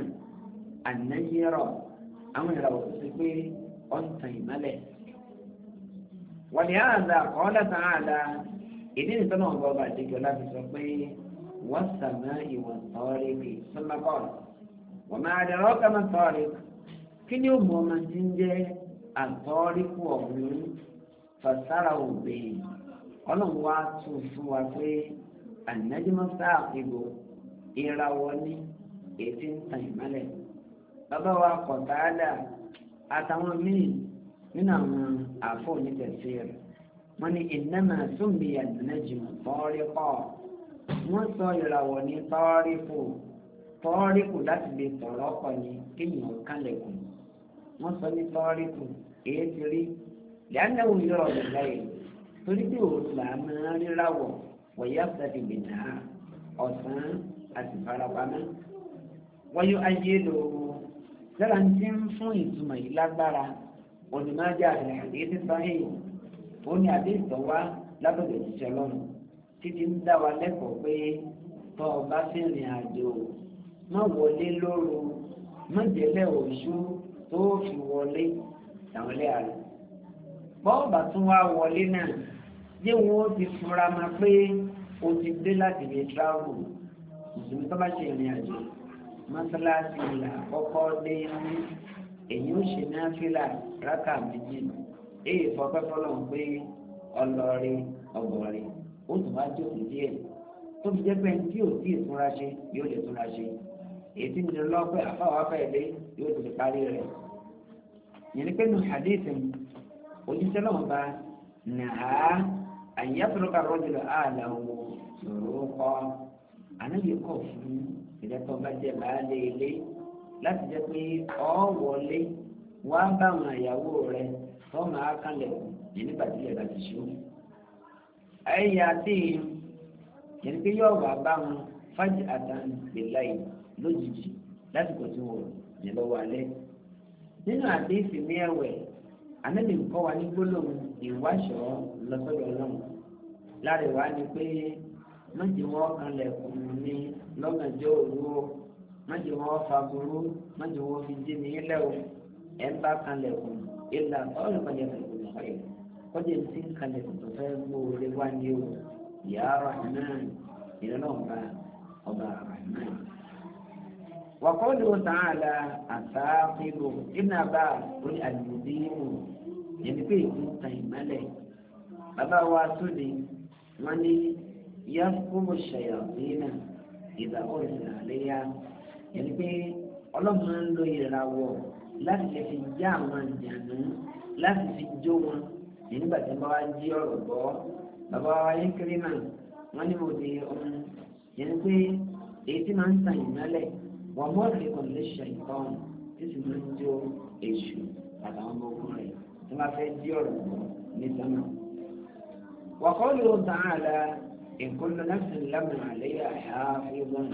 ànáyẹrọ àwọn ìràwọ̀ sí pé ọ̀ǹtàn ìmọ́lẹ̀. wàlẹ́ àdá kọ́lá tán àdá ìdí nìtọ́nà ọ̀gá ọba àdéjọ láti sọ pé wọ́n sàmà ìwọ̀n tọ́ọ̀rì bíi sọ́mọ́kọ́ọ̀lù wọ́n máa dẹ̀rọ kama tọ́ọ̀rì kí ni ó ọmọ tí ń jẹ́ àtọ́ọ̀rì kú ọ̀hún fàṣàrà òbí ọlọ́run wá tún fún wa pé ànájúmọ́ sáà ìgbò ìràwọ̀ ní ètí ń tan ìmọ́lẹ̀ bàbá wa Qatada àtàwọn míì nínú àwọn àfọ onítẹ̀sír wọn ni innama summiya an-najmu tariqa wọn sọ ìràwọ̀ ní tariqu tariqu láti lè tọ̀rọ̀ ọkọ̀ ní kéèyàn kálẹ̀kùn wọn sọ ní tariqu èyí ti rí lẹ́yìnlẹ́wò yọrọ̀ lẹ́yìn torí pé òun là máa ń ríráwọ̀ wọ̀nyí àfẹ́fẹ́ ìgbìnà ọ̀sán àti farapamẹ́. wáyé ayé lò ó lára ń ti ń fún ìtumọ̀ yìí lágbára onímọ̀jà rẹ̀ àdéhùn sáyẹ̀yì ó ní àdéhùn tó wá lábẹ́lẹ̀ ìṣẹ́ lọ́rùn títí ń dá wa lẹ́kọ̀ọ́ pé tọ́ ọ bá fi rìn àjò má wọlé lóru má jẹ́lẹ̀ òṣù tó fi wọlé tàwọn àrùn. bọ́ọ̀bà tún wá wọlé náà yé wọn ti fura ma pé o ti dé láti lè tíráàbù mùsùlùmí tó bá ṣe ìrìn àjò mọ́sálásí ilẹ̀ àkọ́kọ́ dé ní èyí ó ṣe ní áfíríà rákà méjì èyí fọpẹ́ fọlọ́n pé ọlọ́ọ̀rẹ́ ọ̀gọ̀ọ̀rẹ́ ó sì wá jókòó díẹ̀ tó fi jẹ́ pé tí ò tí ì túnra ṣe yóò lè túnra ṣe èyí tí mi lè lọ́ pé yóò ti lè parí rẹ̀ yẹn ni pé nu hadith oníṣẹ́ náà bá nàá àyẹ̀fọ́ lọ́kà rọ́jò àlàó lòró kọ́ ànábì kọ̀ fún ìdẹ́tọ́ bá jẹ́ baálé ilé láti jẹ́ pé ọ́ wọlé wá bá àwọn ìyàwó rẹ tó máa kálẹ̀ ní nígbà tí ìyàrá ti ṣó. ẹ̀yà tí yẹn pé yóò wá bá wọn fájì àtàǹgbèláì lójijì lásìkò tí wọn ní lọ́wọ́ alẹ́. nínú àdéhìsì ní ẹ̀wẹ̀ ànábì kọ́ wa ní gbólóhùn ìwáṣọ lọ́sọ̀rọ̀ náà lára ìwà ni pé mọ̀jẹ̀ wọ́n kalẹ̀ kùn mí lọ́nà jẹ́ òru o mọ̀jẹ̀ wọ́n fagurú mọ̀jẹ̀ wọ́n fi dí mi ilẹ̀ o ẹ̀ ń bá kalẹ̀ kùn ilà ọ̀rọ̀ kalẹ̀ kùn kùn kọ́ yẹ kọ́jà ti ń kalẹ̀ kùn tó fẹ́ gbóore wá ní o yà á rahman ìrẹ́lẹ̀ ọba ọba rahman. wàkọ́ọ̀dù tààlà àtàkìlò ibn abbas orí àdìmọ̀dìmọ̀ yẹn ni pé ìlú tàn ìmọ́lẹ̀ bàbá wa tó ni wọ́n ní yahkumu shayatina ìgbà ọ̀sìn àléyá ẹni pé ọlọ́run máa ń lo ìràwọ̀ láti lè fi já àwọn àjànú láti fi jó wọn nígbà tí wọ́n bá jí ọ̀rọ̀ gbọ́ bàbá ayé kiri náà wọ́n ní mo di ohun ẹni pé èyí tí máa ń tàn ìmọ́lẹ̀ wọ́n mọ́ ìrìkọ̀ lè ṣe tí sì máa ń jó èṣù àtàwọn ọmọ rẹ̀ tí wọ́n bá fẹ́ jí ọ̀rọ̀ gbọ́ ní sánà. wàkọ́ ló tàn án àlá ìkólú nafsin lámà àléyà hafizun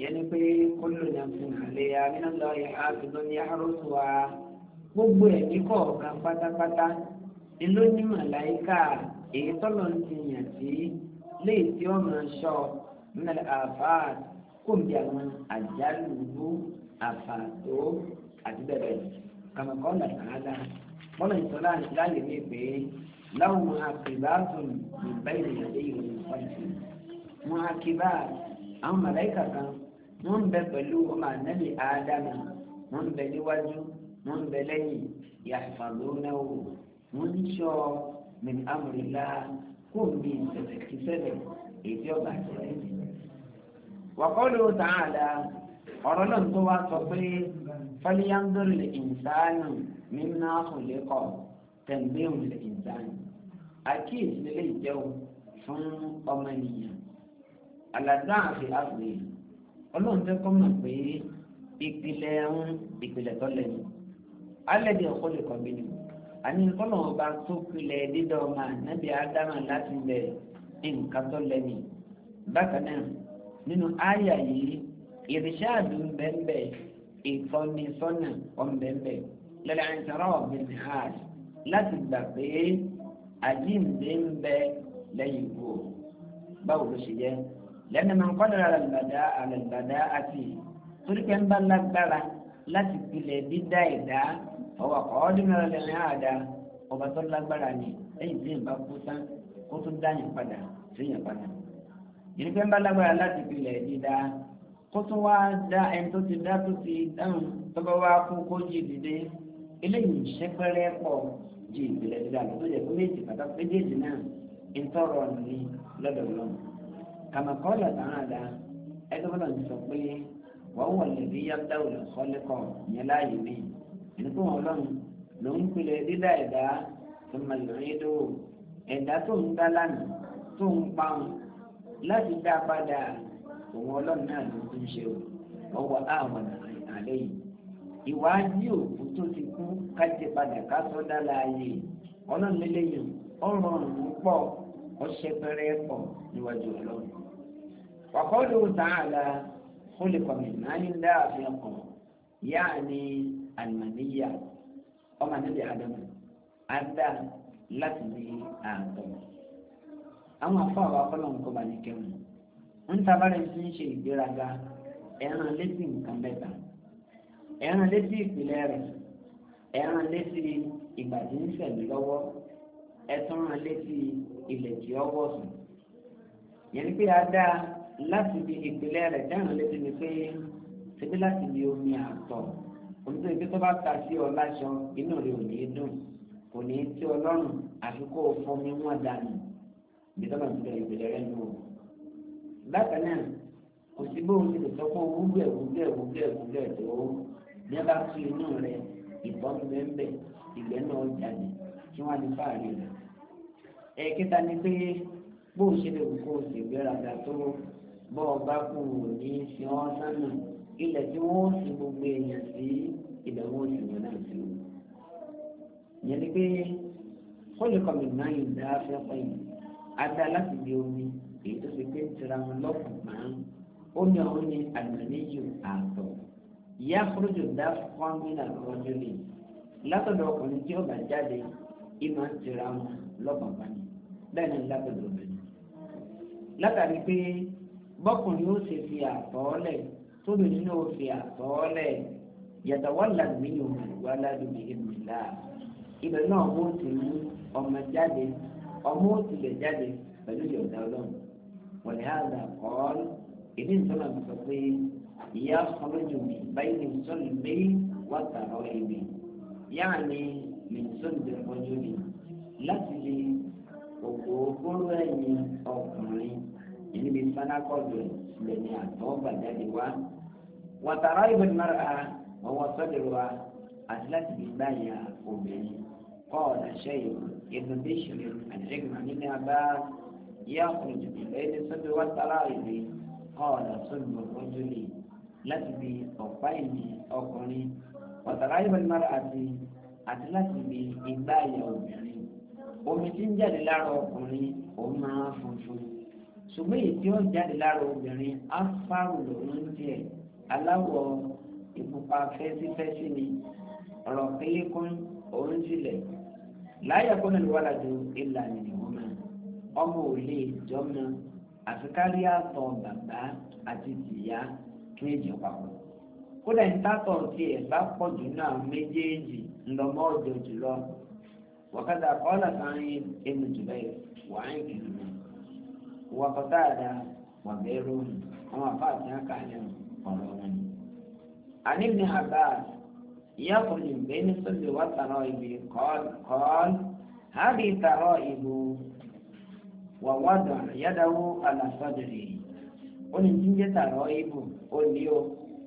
yẹn ni pé kólú nafsin àléyà minallahi hafizun ní àròsù wa gbogbo ẹ̀mí kọ̀ọ̀kan pátápátá ìlú ní màláìka èyí tọ́lọ̀ ń ti yàn sí léyìí tí wọ́n máa ṣọ́ nílẹ̀ àfáà kò bí àwọn àjálùú àfààtó àti bẹ́ẹ̀ bẹ́ẹ̀ kàmẹ́kọ́ làtàlá bọ́lá ìtọ́lá láyé mi pé láwọn àkìbáàtò ìgbà ìrìnà dé ìròyìn pàṣẹ wọn àkìbáàtò àwọn màláìkà kan wọn ń bẹ pẹ̀lú ọmọ ànábì ádámà wọn ń bẹ níwájú wọn ń bẹ lẹ́yìn yàtàlónáwó wọn ń sọ mẹni amúrìlá kó mi ìṣẹ̀lẹ̀kíṣẹ̀lẹ̀ èdè ọba àṣẹlẹ̀. wàkọ́lù tààlà ọ̀rọ̀ náà tó wá sọ pé fọlíyàndó lè ìnsáàlù mímú náà kò lè kọ́ tẹ̀lé ìsàn àkíyèsí lè jẹun fún ọmọ ènìyàn àlàdá àfi àfẹ ọlọ́run fẹ́ kọ́ mọ̀ pé ìpìlẹ̀ ń ìpìlẹ̀ tó lẹ́nu alẹ́dẹ̀ ọ̀kọ́ lè kọ́ bí ni àní ìfọ́nà ọba tó pilẹ̀ dídọ̀ ọmọ ànábì ádámà láti bẹ̀ nǹkan tó lẹ́nu bákan náà nínú àyà yìí ìrìṣàdù ń bẹ́ẹ̀ bẹ́ẹ̀ ìfọ́nisọ́nà ọ̀ ń bẹ́ẹ̀ bẹ́ẹ̀ lọ́la ìṣòro ọ̀gbìn hajj láti gbà pé àjíǹde ń bẹ lẹ́yìn ikú o báwo ló ṣe yẹ lẹ́nu máa ń kọ́ dára àlùbàdà àlùbàdà àti torí pé ń bá lágbára láti pilẹ̀ dídá ẹ̀dá ọwọ́ ọ̀ọ́dúnrún lẹ́nu àdá ọba tó lágbára ni lẹ́yìn tí ìbá kú tán kó tó dáyìn padà séyìn padà ìdí pé ń bá lágbára láti pilẹ̀ dídá kó tó wá dá ẹni tó ti dá tó ti dáhùn tó bá wá kú kó jí dìde eléyìí ṣẹ́pẹ́rẹ́ pọ̀ ju ìbílẹ̀ dídá lọ tó yẹ kó méjì pàtàkì méjèèjì náà ń tọrọ ní lọ́dọ̀ lọ́nà kàmàkọ́lá tààdà ẹgbẹ́bọ́lá ń sọ pé wọ́n wọ̀ lẹ́bí yàtọ̀ olùkọ́lẹ́kọ̀ yẹn láàyè mi ẹni pé wọn lọ́nà ló ń pilẹ̀ dídá ẹ̀dá tó ma lórí dó ẹ̀dá tó ń dá lánàá tó ń pàun láti dá padà òun ọlọ́run náà ló ń ṣe o wọ́n wọ ìwádìí òkú tó ti kú kájẹ padà ká sọ dára ayé ọlọ́run eléyìí ọ̀rọ̀ ọ̀rùn pọ̀ ọ̀ṣẹ́ pọ̀ níwájú ọlọ́run. wàkọ́lù tààlà kólìkọ̀mì náà ń dá àfihàn kan yáà ní àlùmọ̀níyà ọmọ níbi àdàmù àdá láti ní àtọ̀mù. àwọn afọ àwọn akọ́lọ́run kọ́ ní ń sí ń ṣe ìgbéraga ẹran létí nǹkan ẹran létí ìpìlẹ̀ rẹ̀ ẹran létí ìgbà tí ń sẹ̀mí lọ́wọ́ ẹtún ran létí ilẹ̀ tí ó sùn yẹn pé a dá láti di ìpìlẹ̀ rẹ̀ dáhùn létí ni pé ṣebí láti di omi àtọ̀ omi tó ibi tó bá ta sí ọ láṣọ inú rẹ ò ní í dùn kò ní í tí ọlọ́run àfi kó o fún mi wọ́n dànù ibi tó bá ti bẹ̀rẹ̀ ìpìlẹ̀ rẹ̀ nù o. bákan náà kò sí bóun ti lè sọ pé wúgbẹ̀ wúgbẹ̀ wúgbẹ̀ wúgbẹ̀ tó bí wọ́n bá fi inú rẹ̀ ìbọn bẹ́ẹ̀ ìgbẹ́ náà jáde kí wọ́n á di fáàrí rẹ̀. ẹ̀ẹ́kẹta ni pé bó o ṣe lè kó o sì gbéraga tó bọ́ ọ bá kú ní ṣe ọ́ sánà ilẹ̀ tí wọ́n sì gbogbo èèyàn sí ilẹ̀ wọn sì wọn náà sí o. ìyẹn ni pé kọ́lùkọ́ mi máa dá afẹ́fẹ́ yìí adá láti di omi èyí tó ṣe pé ń tira wọn lọ́kùnrin máa ń omi ọ̀hún ni àgbẹ̀níyù àtọ̀ ìyá kúròjò dá fọ́nmìnà lọ́jọ́ lè látọ̀dọ̀ ọkùnrin tí ó bá jáde ìmọ̀ ń tira wọn lọ́pàpá ni bẹ́ẹ̀ ni látọ̀dọ̀ obìnrin. látàrí pé bọ́kùnrin ó ṣe fi àtọ́ọ́lẹ̀ tóbìnrin náà ó fi àtọ́ọ́lẹ̀ yàtọ̀wọ́lá mílíọ̀ wà ládùúgbò ìmìlá ibẹ̀ náà ó ti mú ọmọ jáde ọmọ ó ti lè jáde pẹ̀lú yọ̀dá ọlọ́run wọ̀lẹ́ àgbà kọ́ ìdí ìtọ́nà sọ pé يخرج من بين الصلب والترائب يعني من صلب الرجل láti lè òkú ogóró ẹ̀yìn ọkùnrin níbi sanakọ̀dù lè ní àtọ́ gbàjáde wá. wàtàrà ìbọn mara ọwọ́ sọ́dọ̀ wa àti láti lè gbàyà obìnrin قال شيخ ابن بشر الحكمة من عباس يخرج بالليل صد والترائب قال صد láti bi ọ̀pá ẹ̀yìn ọkùnrin ọ̀tàrà ayélujára àti àti láti bi igbá ẹ̀yà obìnrin omi tí ń jáde lára ọkùnrin òun máa funfun ṣùgbọ́n èyí tí ó jáde lára obìnrin á fáwọn lòun tiẹ̀ aláwọ̀ ìpupa fẹ́sífẹ́sí ni ọ̀rọ̀ pélékún òun tilẹ̀ láyà kó nàlú wàlá ju ìlà nìyẹn mọ́ ọmọ ò lè jọ́ mọ́ àfikárí àtọ̀ bàbá àti tìyá. kéèyàn papọ̀ kódà ní tátọ̀ tí ẹ̀ bá meje jù náà méjèèjì ńlọmọ òjò ka wàkàtà kọ́lá sáyẹn wa anyị yẹ wàá ń kìlì mọ́ wàkàtà àdá wàbẹ́rù àwọn àfáàtì àkàlẹ̀ ọ̀rọ̀ wọn. àníbi ní àbá ìyá kùnú bẹ́ẹ̀ni sọ́dọ̀ wà tàrọ ibi ó ní jíjẹ́ tààrọ̀ ìbò o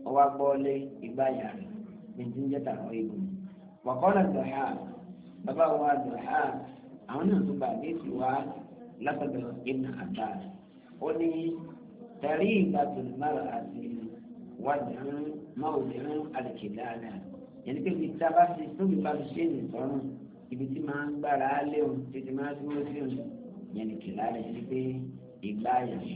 ó wá gbọ́ lé ìgbáyà rẹ̀ ní jíjẹ́ tààrọ̀ ìbò. wàkọ́lá dọ̀hà bàbá wa dọ̀hà àwọn náà tún bàbá èsì wa látọ̀dọ̀ ibn abbas ó ní tẹ̀rí ìgbàtún mara àti wàjàn máwùjàn àlìkìdáàdà yẹn ní pé ibi tá a bá ti tóbi bá ti ṣe nìtọ́rùn ibi tí máa ń gbára léwu títí máa dúró sí òun yẹn ní kìláàdà yẹn ní pé ìgbáyà rẹ̀.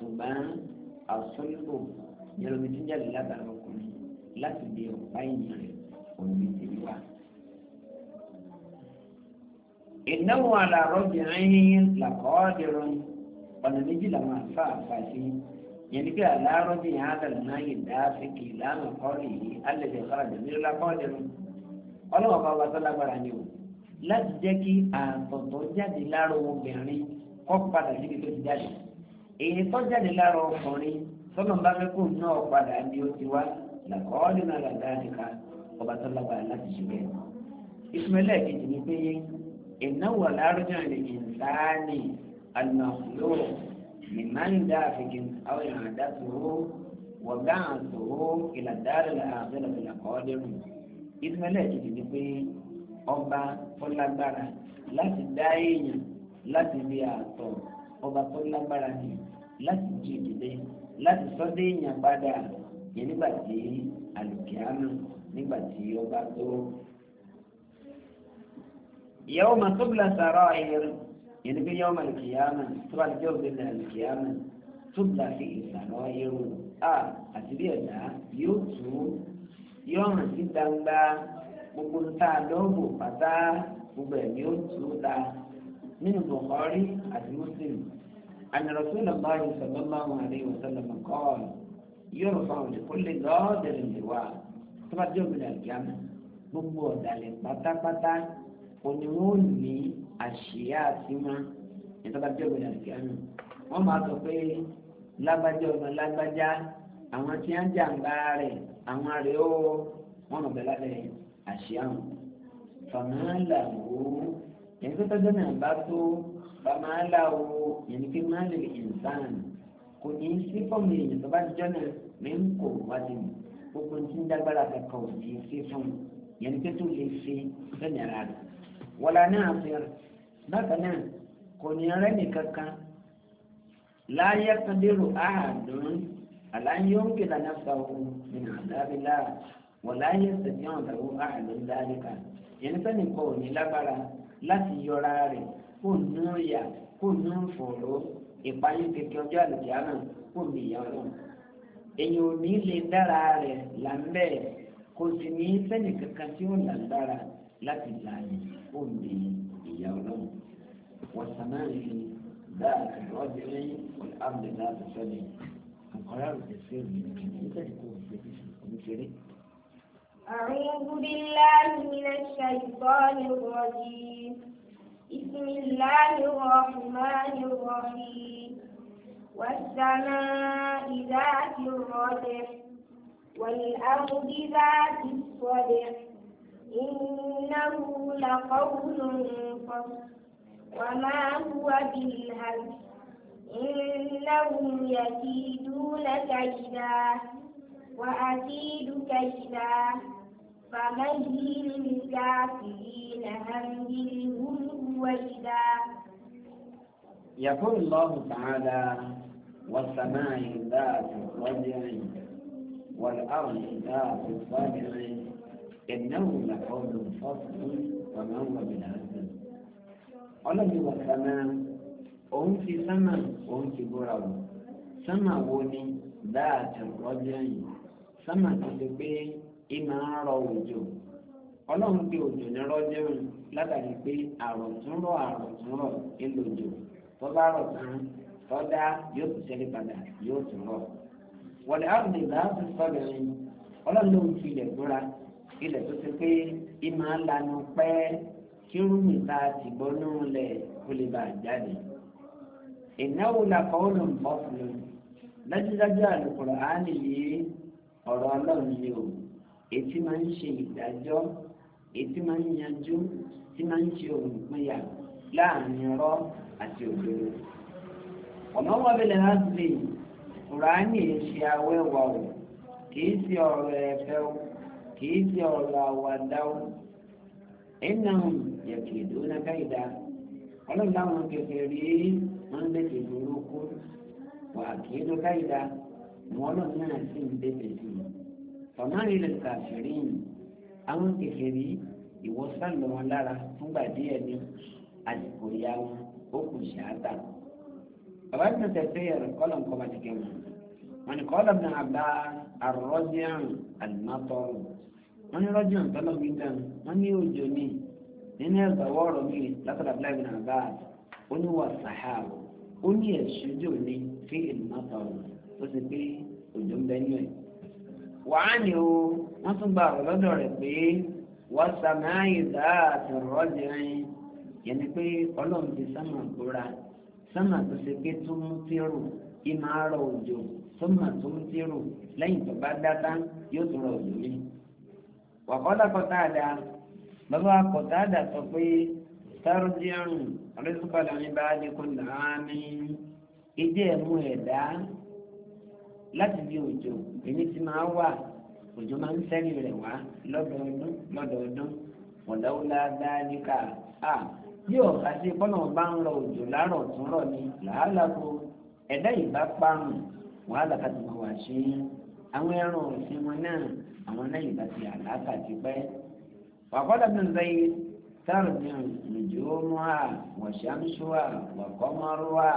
ṣùgbọ́n àṣọlùbọ̀ yẹn lómi tí ń jáde látara ọkùnrin láti di ọ̀pá ìyìn rẹ̀ òní ti wá. ìnáwó alárọ́bìnrin làkọ́ọ́dẹ̀rọ ọ̀nà méjì làwọn àfáàfà sí yẹn ni pé alárọ́bìnrin àdàlù náà yìí dá fèkì lánà kọ́ọ̀lì yìí alẹ́dẹ̀ farajà nílò làkọ́ọ́dẹ̀rọ ọlọ́wọ́ bá wa tó lágbára ni o láti jẹ́ kí àtọ̀tọ̀ jáde lára obìnrin kọ́ padà síbi tó ti jáde èyí tó jáde lára ọkùnrin sọ́nà bá mẹ́kù náà padà bí ó ti wá làkọ́ọ́dún náà làdá àdìka ọba tó lágbára láti ṣe bẹ́ẹ̀. ìsúnmẹ́lẹ̀ kejì ni pé ìnáwó alárùjọ lè ìsáàlì àlùmọ̀lò ìmáǹdà àfikún àwọn ìrànlá tó wọ̀gá àtò ìlàdáàrẹ̀ àbẹ̀rẹ̀ làkọ́ọ́dún. ìsúnmẹ́lẹ̀ kejì ni pé ọba tó lágbára láti dá èèyàn láti bí àtọ̀ ọba tó lágbára nìyí láti ju ìdílé láti sọ́dé èèyàn padà yẹn nígbà tí àlùkìyámà nígbà tí ó bá tó. ìyàwó máa tó bìlà sàárọ̀ ayẹyẹrù yẹn ní pé yàwó máa àlùkìyámà tó bá jẹ́ òbí ní àlùkìyámà tó bìlà sí ìsàárọ̀ ayẹyẹrù a àti bí ẹ̀dá yóò tú yóò hàn sí gbangba gbogbo ntá lọ́ọ̀bù pátá gbogbo ẹ̀mí ó tú ta nínú Bukhari àti Muslim. أن رسول الله صلى الله عليه وسلم قال يرفع لكل غادر اللواء طبعا من القيامة gbogbo ọ̀dàlẹ̀ pátápátá òní wọn ò ní àṣìyá àti má ìtọ́bàjẹ́ ògbìn àlùkìyàmù wọ́n máa sọ pé lágbájá ọmọ lágbájá àwọn tí wọ́n jà ń bá rẹ̀ àwọn rẹ̀ ó wọ́n mọ̀ bẹ́ẹ̀ lábẹ́ àṣìyá wọn. fàmílà wo ẹni tó tọ́jú náà bá tó bàmá láwo yẹn kí máa lè ìsàn kò ní í sí fọ́ọ̀mù èèyàn tó bá ti jọ́nà mí ń kò wá sí mi gbogbo tí ń dágbára kankan ò ní í sí fún mi yẹn kí tó lè ṣe lẹ́nu ara rẹ̀ wọ́lá náà fi bákan náà kò ní rẹ́ nìkan kan láyé kan dérò áàdùn àláyéwòkè lànà fàwọn nínú àdábìlá wọ́lá yẹ sẹ̀dí ọ̀dàwó áàdùn dáríkà yẹn sẹ́nìkan ò ní lágbára láti yọra rẹ̀ kò nù yà kò nù fòrò ìpayín kẹkẹ ọjọ́ àlùjá náà kò mì yà ọ̀nà. èyàn ò ní lè dára rẹ̀ là ń bẹ̀ kò sì ní sẹ́nì kankan tí ó là ń dára láti là yìí kò mì ìyà ọ̀nà. wàsánárì dáa ìrọ́bìnrin ọ̀làbìnrin láti sọ́ni àkọ́rẹ́ àrùtẹ̀sẹ̀ mi nígbà tí kò ń ṣeré.
أعوذ بالله من الشيطان الرجيم بسم الله الرحمن الرحيم والسماء ذات الرجع والأرض ذات الصدع إنه لقول فصل وما هو بالهزل إنهم يكيدون كيدا وأكيد كيدا فمهل الكافرين أمهلهم وجدا
يقول الله تعالى والسماء ذات الرجع والأرض ذات الصدع إنه لقول فصل وما هو بالعزم ọlọ́run wà sánà òun ti sánà òun ti búra o sánà wo ni dáàtì rọ́jà yìí sánà tó ti pé ìmọ̀ ń rọ òjò ọlọ́run pé òjò ní rọ́jẹ́rùn látàrí pé àròtúnrọ̀ àròtúnrọ̀ èlò òjò tó bá rọ̀ tán tọ́dá yóò tún ṣẹlẹ̀ padà yóò tún rọ̀. wọ̀lẹ̀ áwùjọ ìgbà tó sọ̀rọ̀ ọlọ́run ló ń fi ilẹ̀ gbóra ilẹ̀ tó ti pé ìmọ̀ ńlanu pẹ́ kí rúmi ta ti gbọ́nú lẹ̀ kó lè bàa jáde. ìnáwó làkọ́ olùmọ̀ fún dájúdájú àlùkùrọ̀ àánì yìí ọ̀rọ̀ ọlọ́run ni o ètí máa ń ṣe ìdájọ́ ètí máa ń yanjú tí máa ń ṣe ohun ìpínyà láàrin irọ́ àti òdodo. ọ̀nà wà bẹ̀lẹ̀ láti kùránì ṣe awẹ́wà o kìí ṣe ọ̀rọ̀ ẹ̀fẹ́ o kìí ṣe ọ̀rọ̀ àwàdà o. ẹ̀nà yẹ̀kì ìdóná káyìdá ọlọ́run láwọn kẹfẹ́ rí wọn lẹ́kì burúkú wà kìí ló káyìdá wọn lọ́nà náà sì ń bẹ̀rẹ̀ sí i. tọ́mọ́rin lè kàfẹ́rìn yìí àwọn kèfèrí ìwọ sálọ wọn lára fúngbà díẹ̀ ní àsìkò ìyá wọn ó kù ṣáàtà. bàbá tí wọn tẹsí ẹrọ kọlọ ń kọ bá ti kẹ wọn wọn ni kọlọ ní àbá àrọdíàn àlùmọtọrọ wọn ní rọdíàn tọlọ mi dàn wọn ní òjò ní nínú ẹgbà wọrọ mi látọdà bíláàbí náà bá ó ní wà sàhábù ó ní ẹsùjò ní fi ìlùmọtọrọ ó sì pé òjò ń bẹ ní wàá ní o wọ́n tún gba ọ̀rọ̀ lọ́dọ̀ rẹ̀ pé wọ́n sàmáyé dáàtì rọ́jìnrín yẹn ni pé ọlọ́run ti sámà gbóra sámà tó ṣe pé tó mú tírù ìmọ̀ àárọ̀ òjò sámà tó mú tírù lẹ́yìn tó bá dáta yóò tún rọ̀ òjò mi. wàkọ́lá kọ́tàdà bàbá kọ́tàdà sọ pé sárúdíọ̀rùn rísùpàdà ní bá dínkù láàmì ìdí ẹ̀mú ẹ̀dá láti di òjò èmi ti máa wà òjò máa ń sẹ́yìn rẹ̀ wá lọ́dọọdún lọ́dọọdún wọ̀dáwọ́lá dáníkà a bí ọ̀ka sí bọ́nà bá ń rọ òjò láàrọ̀ tún rọ̀ ni làálàbò ẹ̀dá ìbá parun wàhálà kàtó máa wà ṣe é àwọn ẹran òsìn wọn náà àwọn náà ìbá ti àlàáfà ti pẹ́. wàkọ́dà bí n sẹ́yìn sáàrùn nìjọ́mọ́à wàṣámṣúà wàkọ́mọ́rúà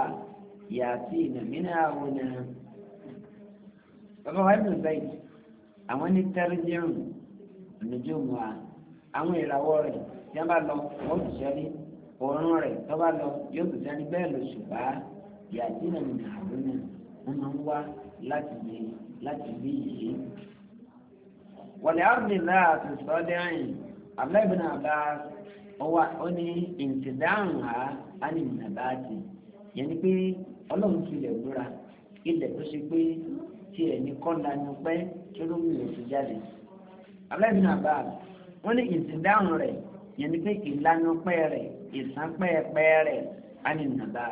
yàtì nàmínà àwọn náà. bàbá wa bí n sẹ́yìn. àwọn ní tẹ́rìndínrún ọ̀nàjò mu àwọn ìràwọ̀ rẹ̀ tí wọ́n bá lọ wọ́n tún sẹ́rí òórùn rẹ̀ tó lọ yóò tún sẹ́rí bẹ́ẹ̀ lọ ṣùgbá yàtí nà nà àbúnà wọn máa ń wá láti lè láti lè náà dẹ́rìn náà kérúbù lè fi jáde abẹ́bí náà bá wọ́n ní ìsìndáhùn rẹ̀ yẹn ni pé ìlànà pẹ́ rẹ̀ ìsánpẹ́ẹ̀pẹ́ rẹ̀ á ní nàbà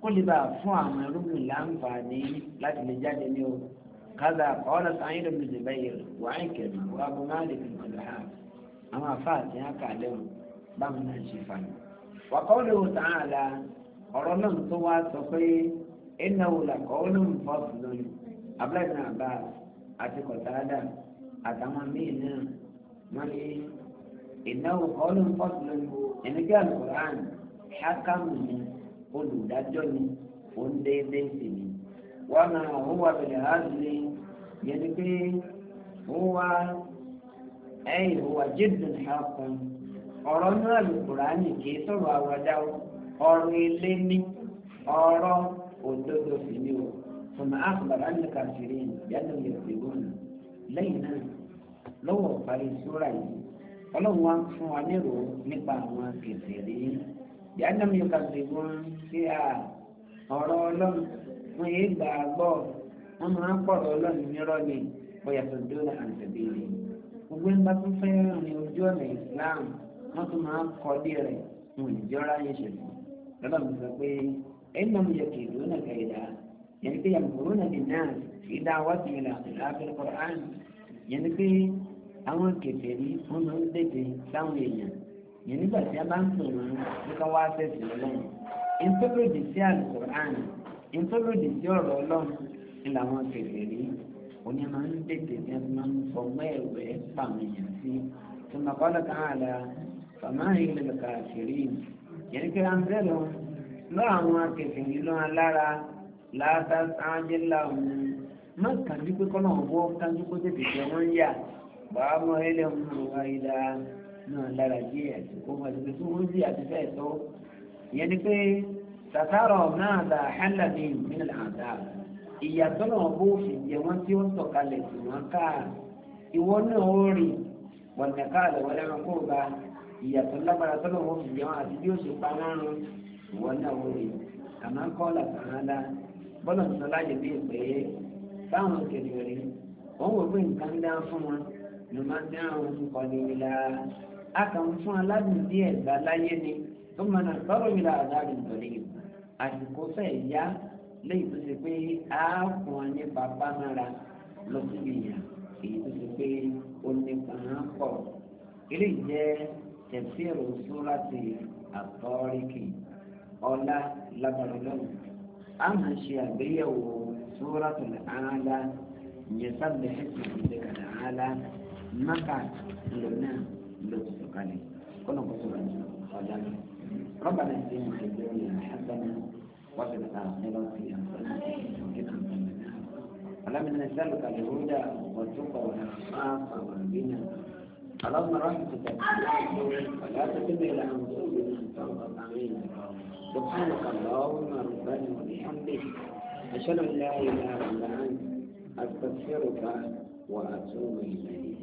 kó lè bá fún àwọn irúgbìn láǹfààní láti lè jáde ní o kádà kọ́lá sáyìn lómi ìdìbẹ́ yìí wà á kẹ̀lú wà á bọ́ máa lè fi mọ̀lẹ́ ha àwọn afáà tí wọ́n kà báwọn náà ṣe fà ní. wàkọ́lù tààlà ọ̀rọ̀ náà tó wá sọ pé ẹ̀nà òlà kọ́ọ́lù fọ́ọ̀sì lónìí abúlé náà bá a àti kọ̀tàdà àtàwọn míì náà wọ́n ní ìnáwó kọ́ọ̀lù ń fọ́sùlù ẹ̀nìkí alukoran ṣákàmù ni olùdájọ́ ni òǹdẹ́ẹ́dẹ́ sì ni wọ́n máa wọ́n wà bẹ̀rẹ̀ àdúlé yẹn ni pé wọ́n wá ẹ̀yìn wà jíjìn ṣàkùn ọ̀rọ̀ náà alukoran kì í sọ̀rọ̀ àwàdà ọ̀rọ̀ ilé ní ọ̀rọ̀ òdodo sì ni o. ثم أخبر أن الكافرين بأنهم يكذبون لينا lọ́wọ́ parí súra yìí ọlọ́run wá ń fún wa nírò nípa àwọn kèfèrí yánàmì kàgbégbó ń ṣe à ọ̀rọ̀ ọlọ́run wọn yéé gbà á gbọ́ wọn máa ń pọ̀rọ̀ ọlọ́run nírọ̀ ni bóyá tó dúró àǹtẹ̀bí rẹ̀ gbogbo Islam wọn tún máa ń kọ́ dé rẹ̀ wọn ò ní jọ́ra yẹn ṣẹ̀fọ́ lọ́dọ̀ yẹn pé yàmùkúrú náà dì náà fi dá wá sí ilẹ̀ àtìlá fẹ́rẹ́ kọ́ran yẹn pé àwọn kèfèrí wọn máa ń tètè láwọn èèyàn yẹn nígbà tí a bá ń pè wọn ní ká wá sẹ́sìn ọlọ́run ìtọ́lódì sí àlùkùrán ìtọ́lódì sí ọ̀rọ̀ ọlọ́run ni làwọn kèfèrí oní máa ń tètè ní ẹni máa ń fọmọ ẹ̀wẹ̀ pàmò èèyàn sí tó máa àlà fàmáhìn yẹn lọ́ láta sáájú làwọn má kànjú pé kọ́nà ọ̀bọ kánjú kó tètè jẹ wọ́n yà wàá mọ ẹlẹ́ ń rò wáyé dá náà lára díẹ̀ àti kó wọn àti pé tó wọ́n sí àti fẹ́ tó ìyẹn ni pé tàtàrọ̀ náà dà hálà ní ìpínlẹ̀ àdá ìyàtọ̀ náà bó fi jẹ wọ́n tí ó sọ̀kalẹ̀ sí wọn káà ìwọ náà ó rí wọ̀nà káàlù wọlé wọn kó ba ìyàtọ̀ lágbára tó náà wọ́n fi jẹ wọn àti bí ó ṣe pa wọn rún ìwọ náà ó rí àmọ́ kọ́ làtàrà náà bọ́lá ń sọ láyé bíi pé táwọn kẹfìrí wọ́n wò pé nǹkan dá fún wọn ló máa dá àwọn nǹkan ní ìlà akàn fún aládùn díẹ̀ gbà láyé ni tó máa nà sọ̀rọ̀ ìlà àdáàbò ìtòlẹ́ àsìkò fẹ́ yá lẹ́yìn tó ṣe pé a fún wọn ní bàbá mára lọ síbi ìyà èyí tó ṣe pé ó ní kàn pọ̀ eré jẹ́ tẹ̀síẹ̀rù sóràtì àtọ́ríkì ọlá lábàrúlọ́rùn. a máa وصورة الأعلى Suratul A'la يسبح اسم ربك الأعلى مكة لنا لطف قليل كنا قصورا خلال ربنا يسلم في الدنيا حسنة وفي الآخرة حسنة وقنا اللهم نسألك الهدى والتقى والإخلاص والغنى اللهم رحمتك ولا تتبع إلى أنفسنا ترضى عنا سبحانك اللهم ربنا وبحمدك أشهد أن لا إله إلا أنت أستغفرك وأتوب إليك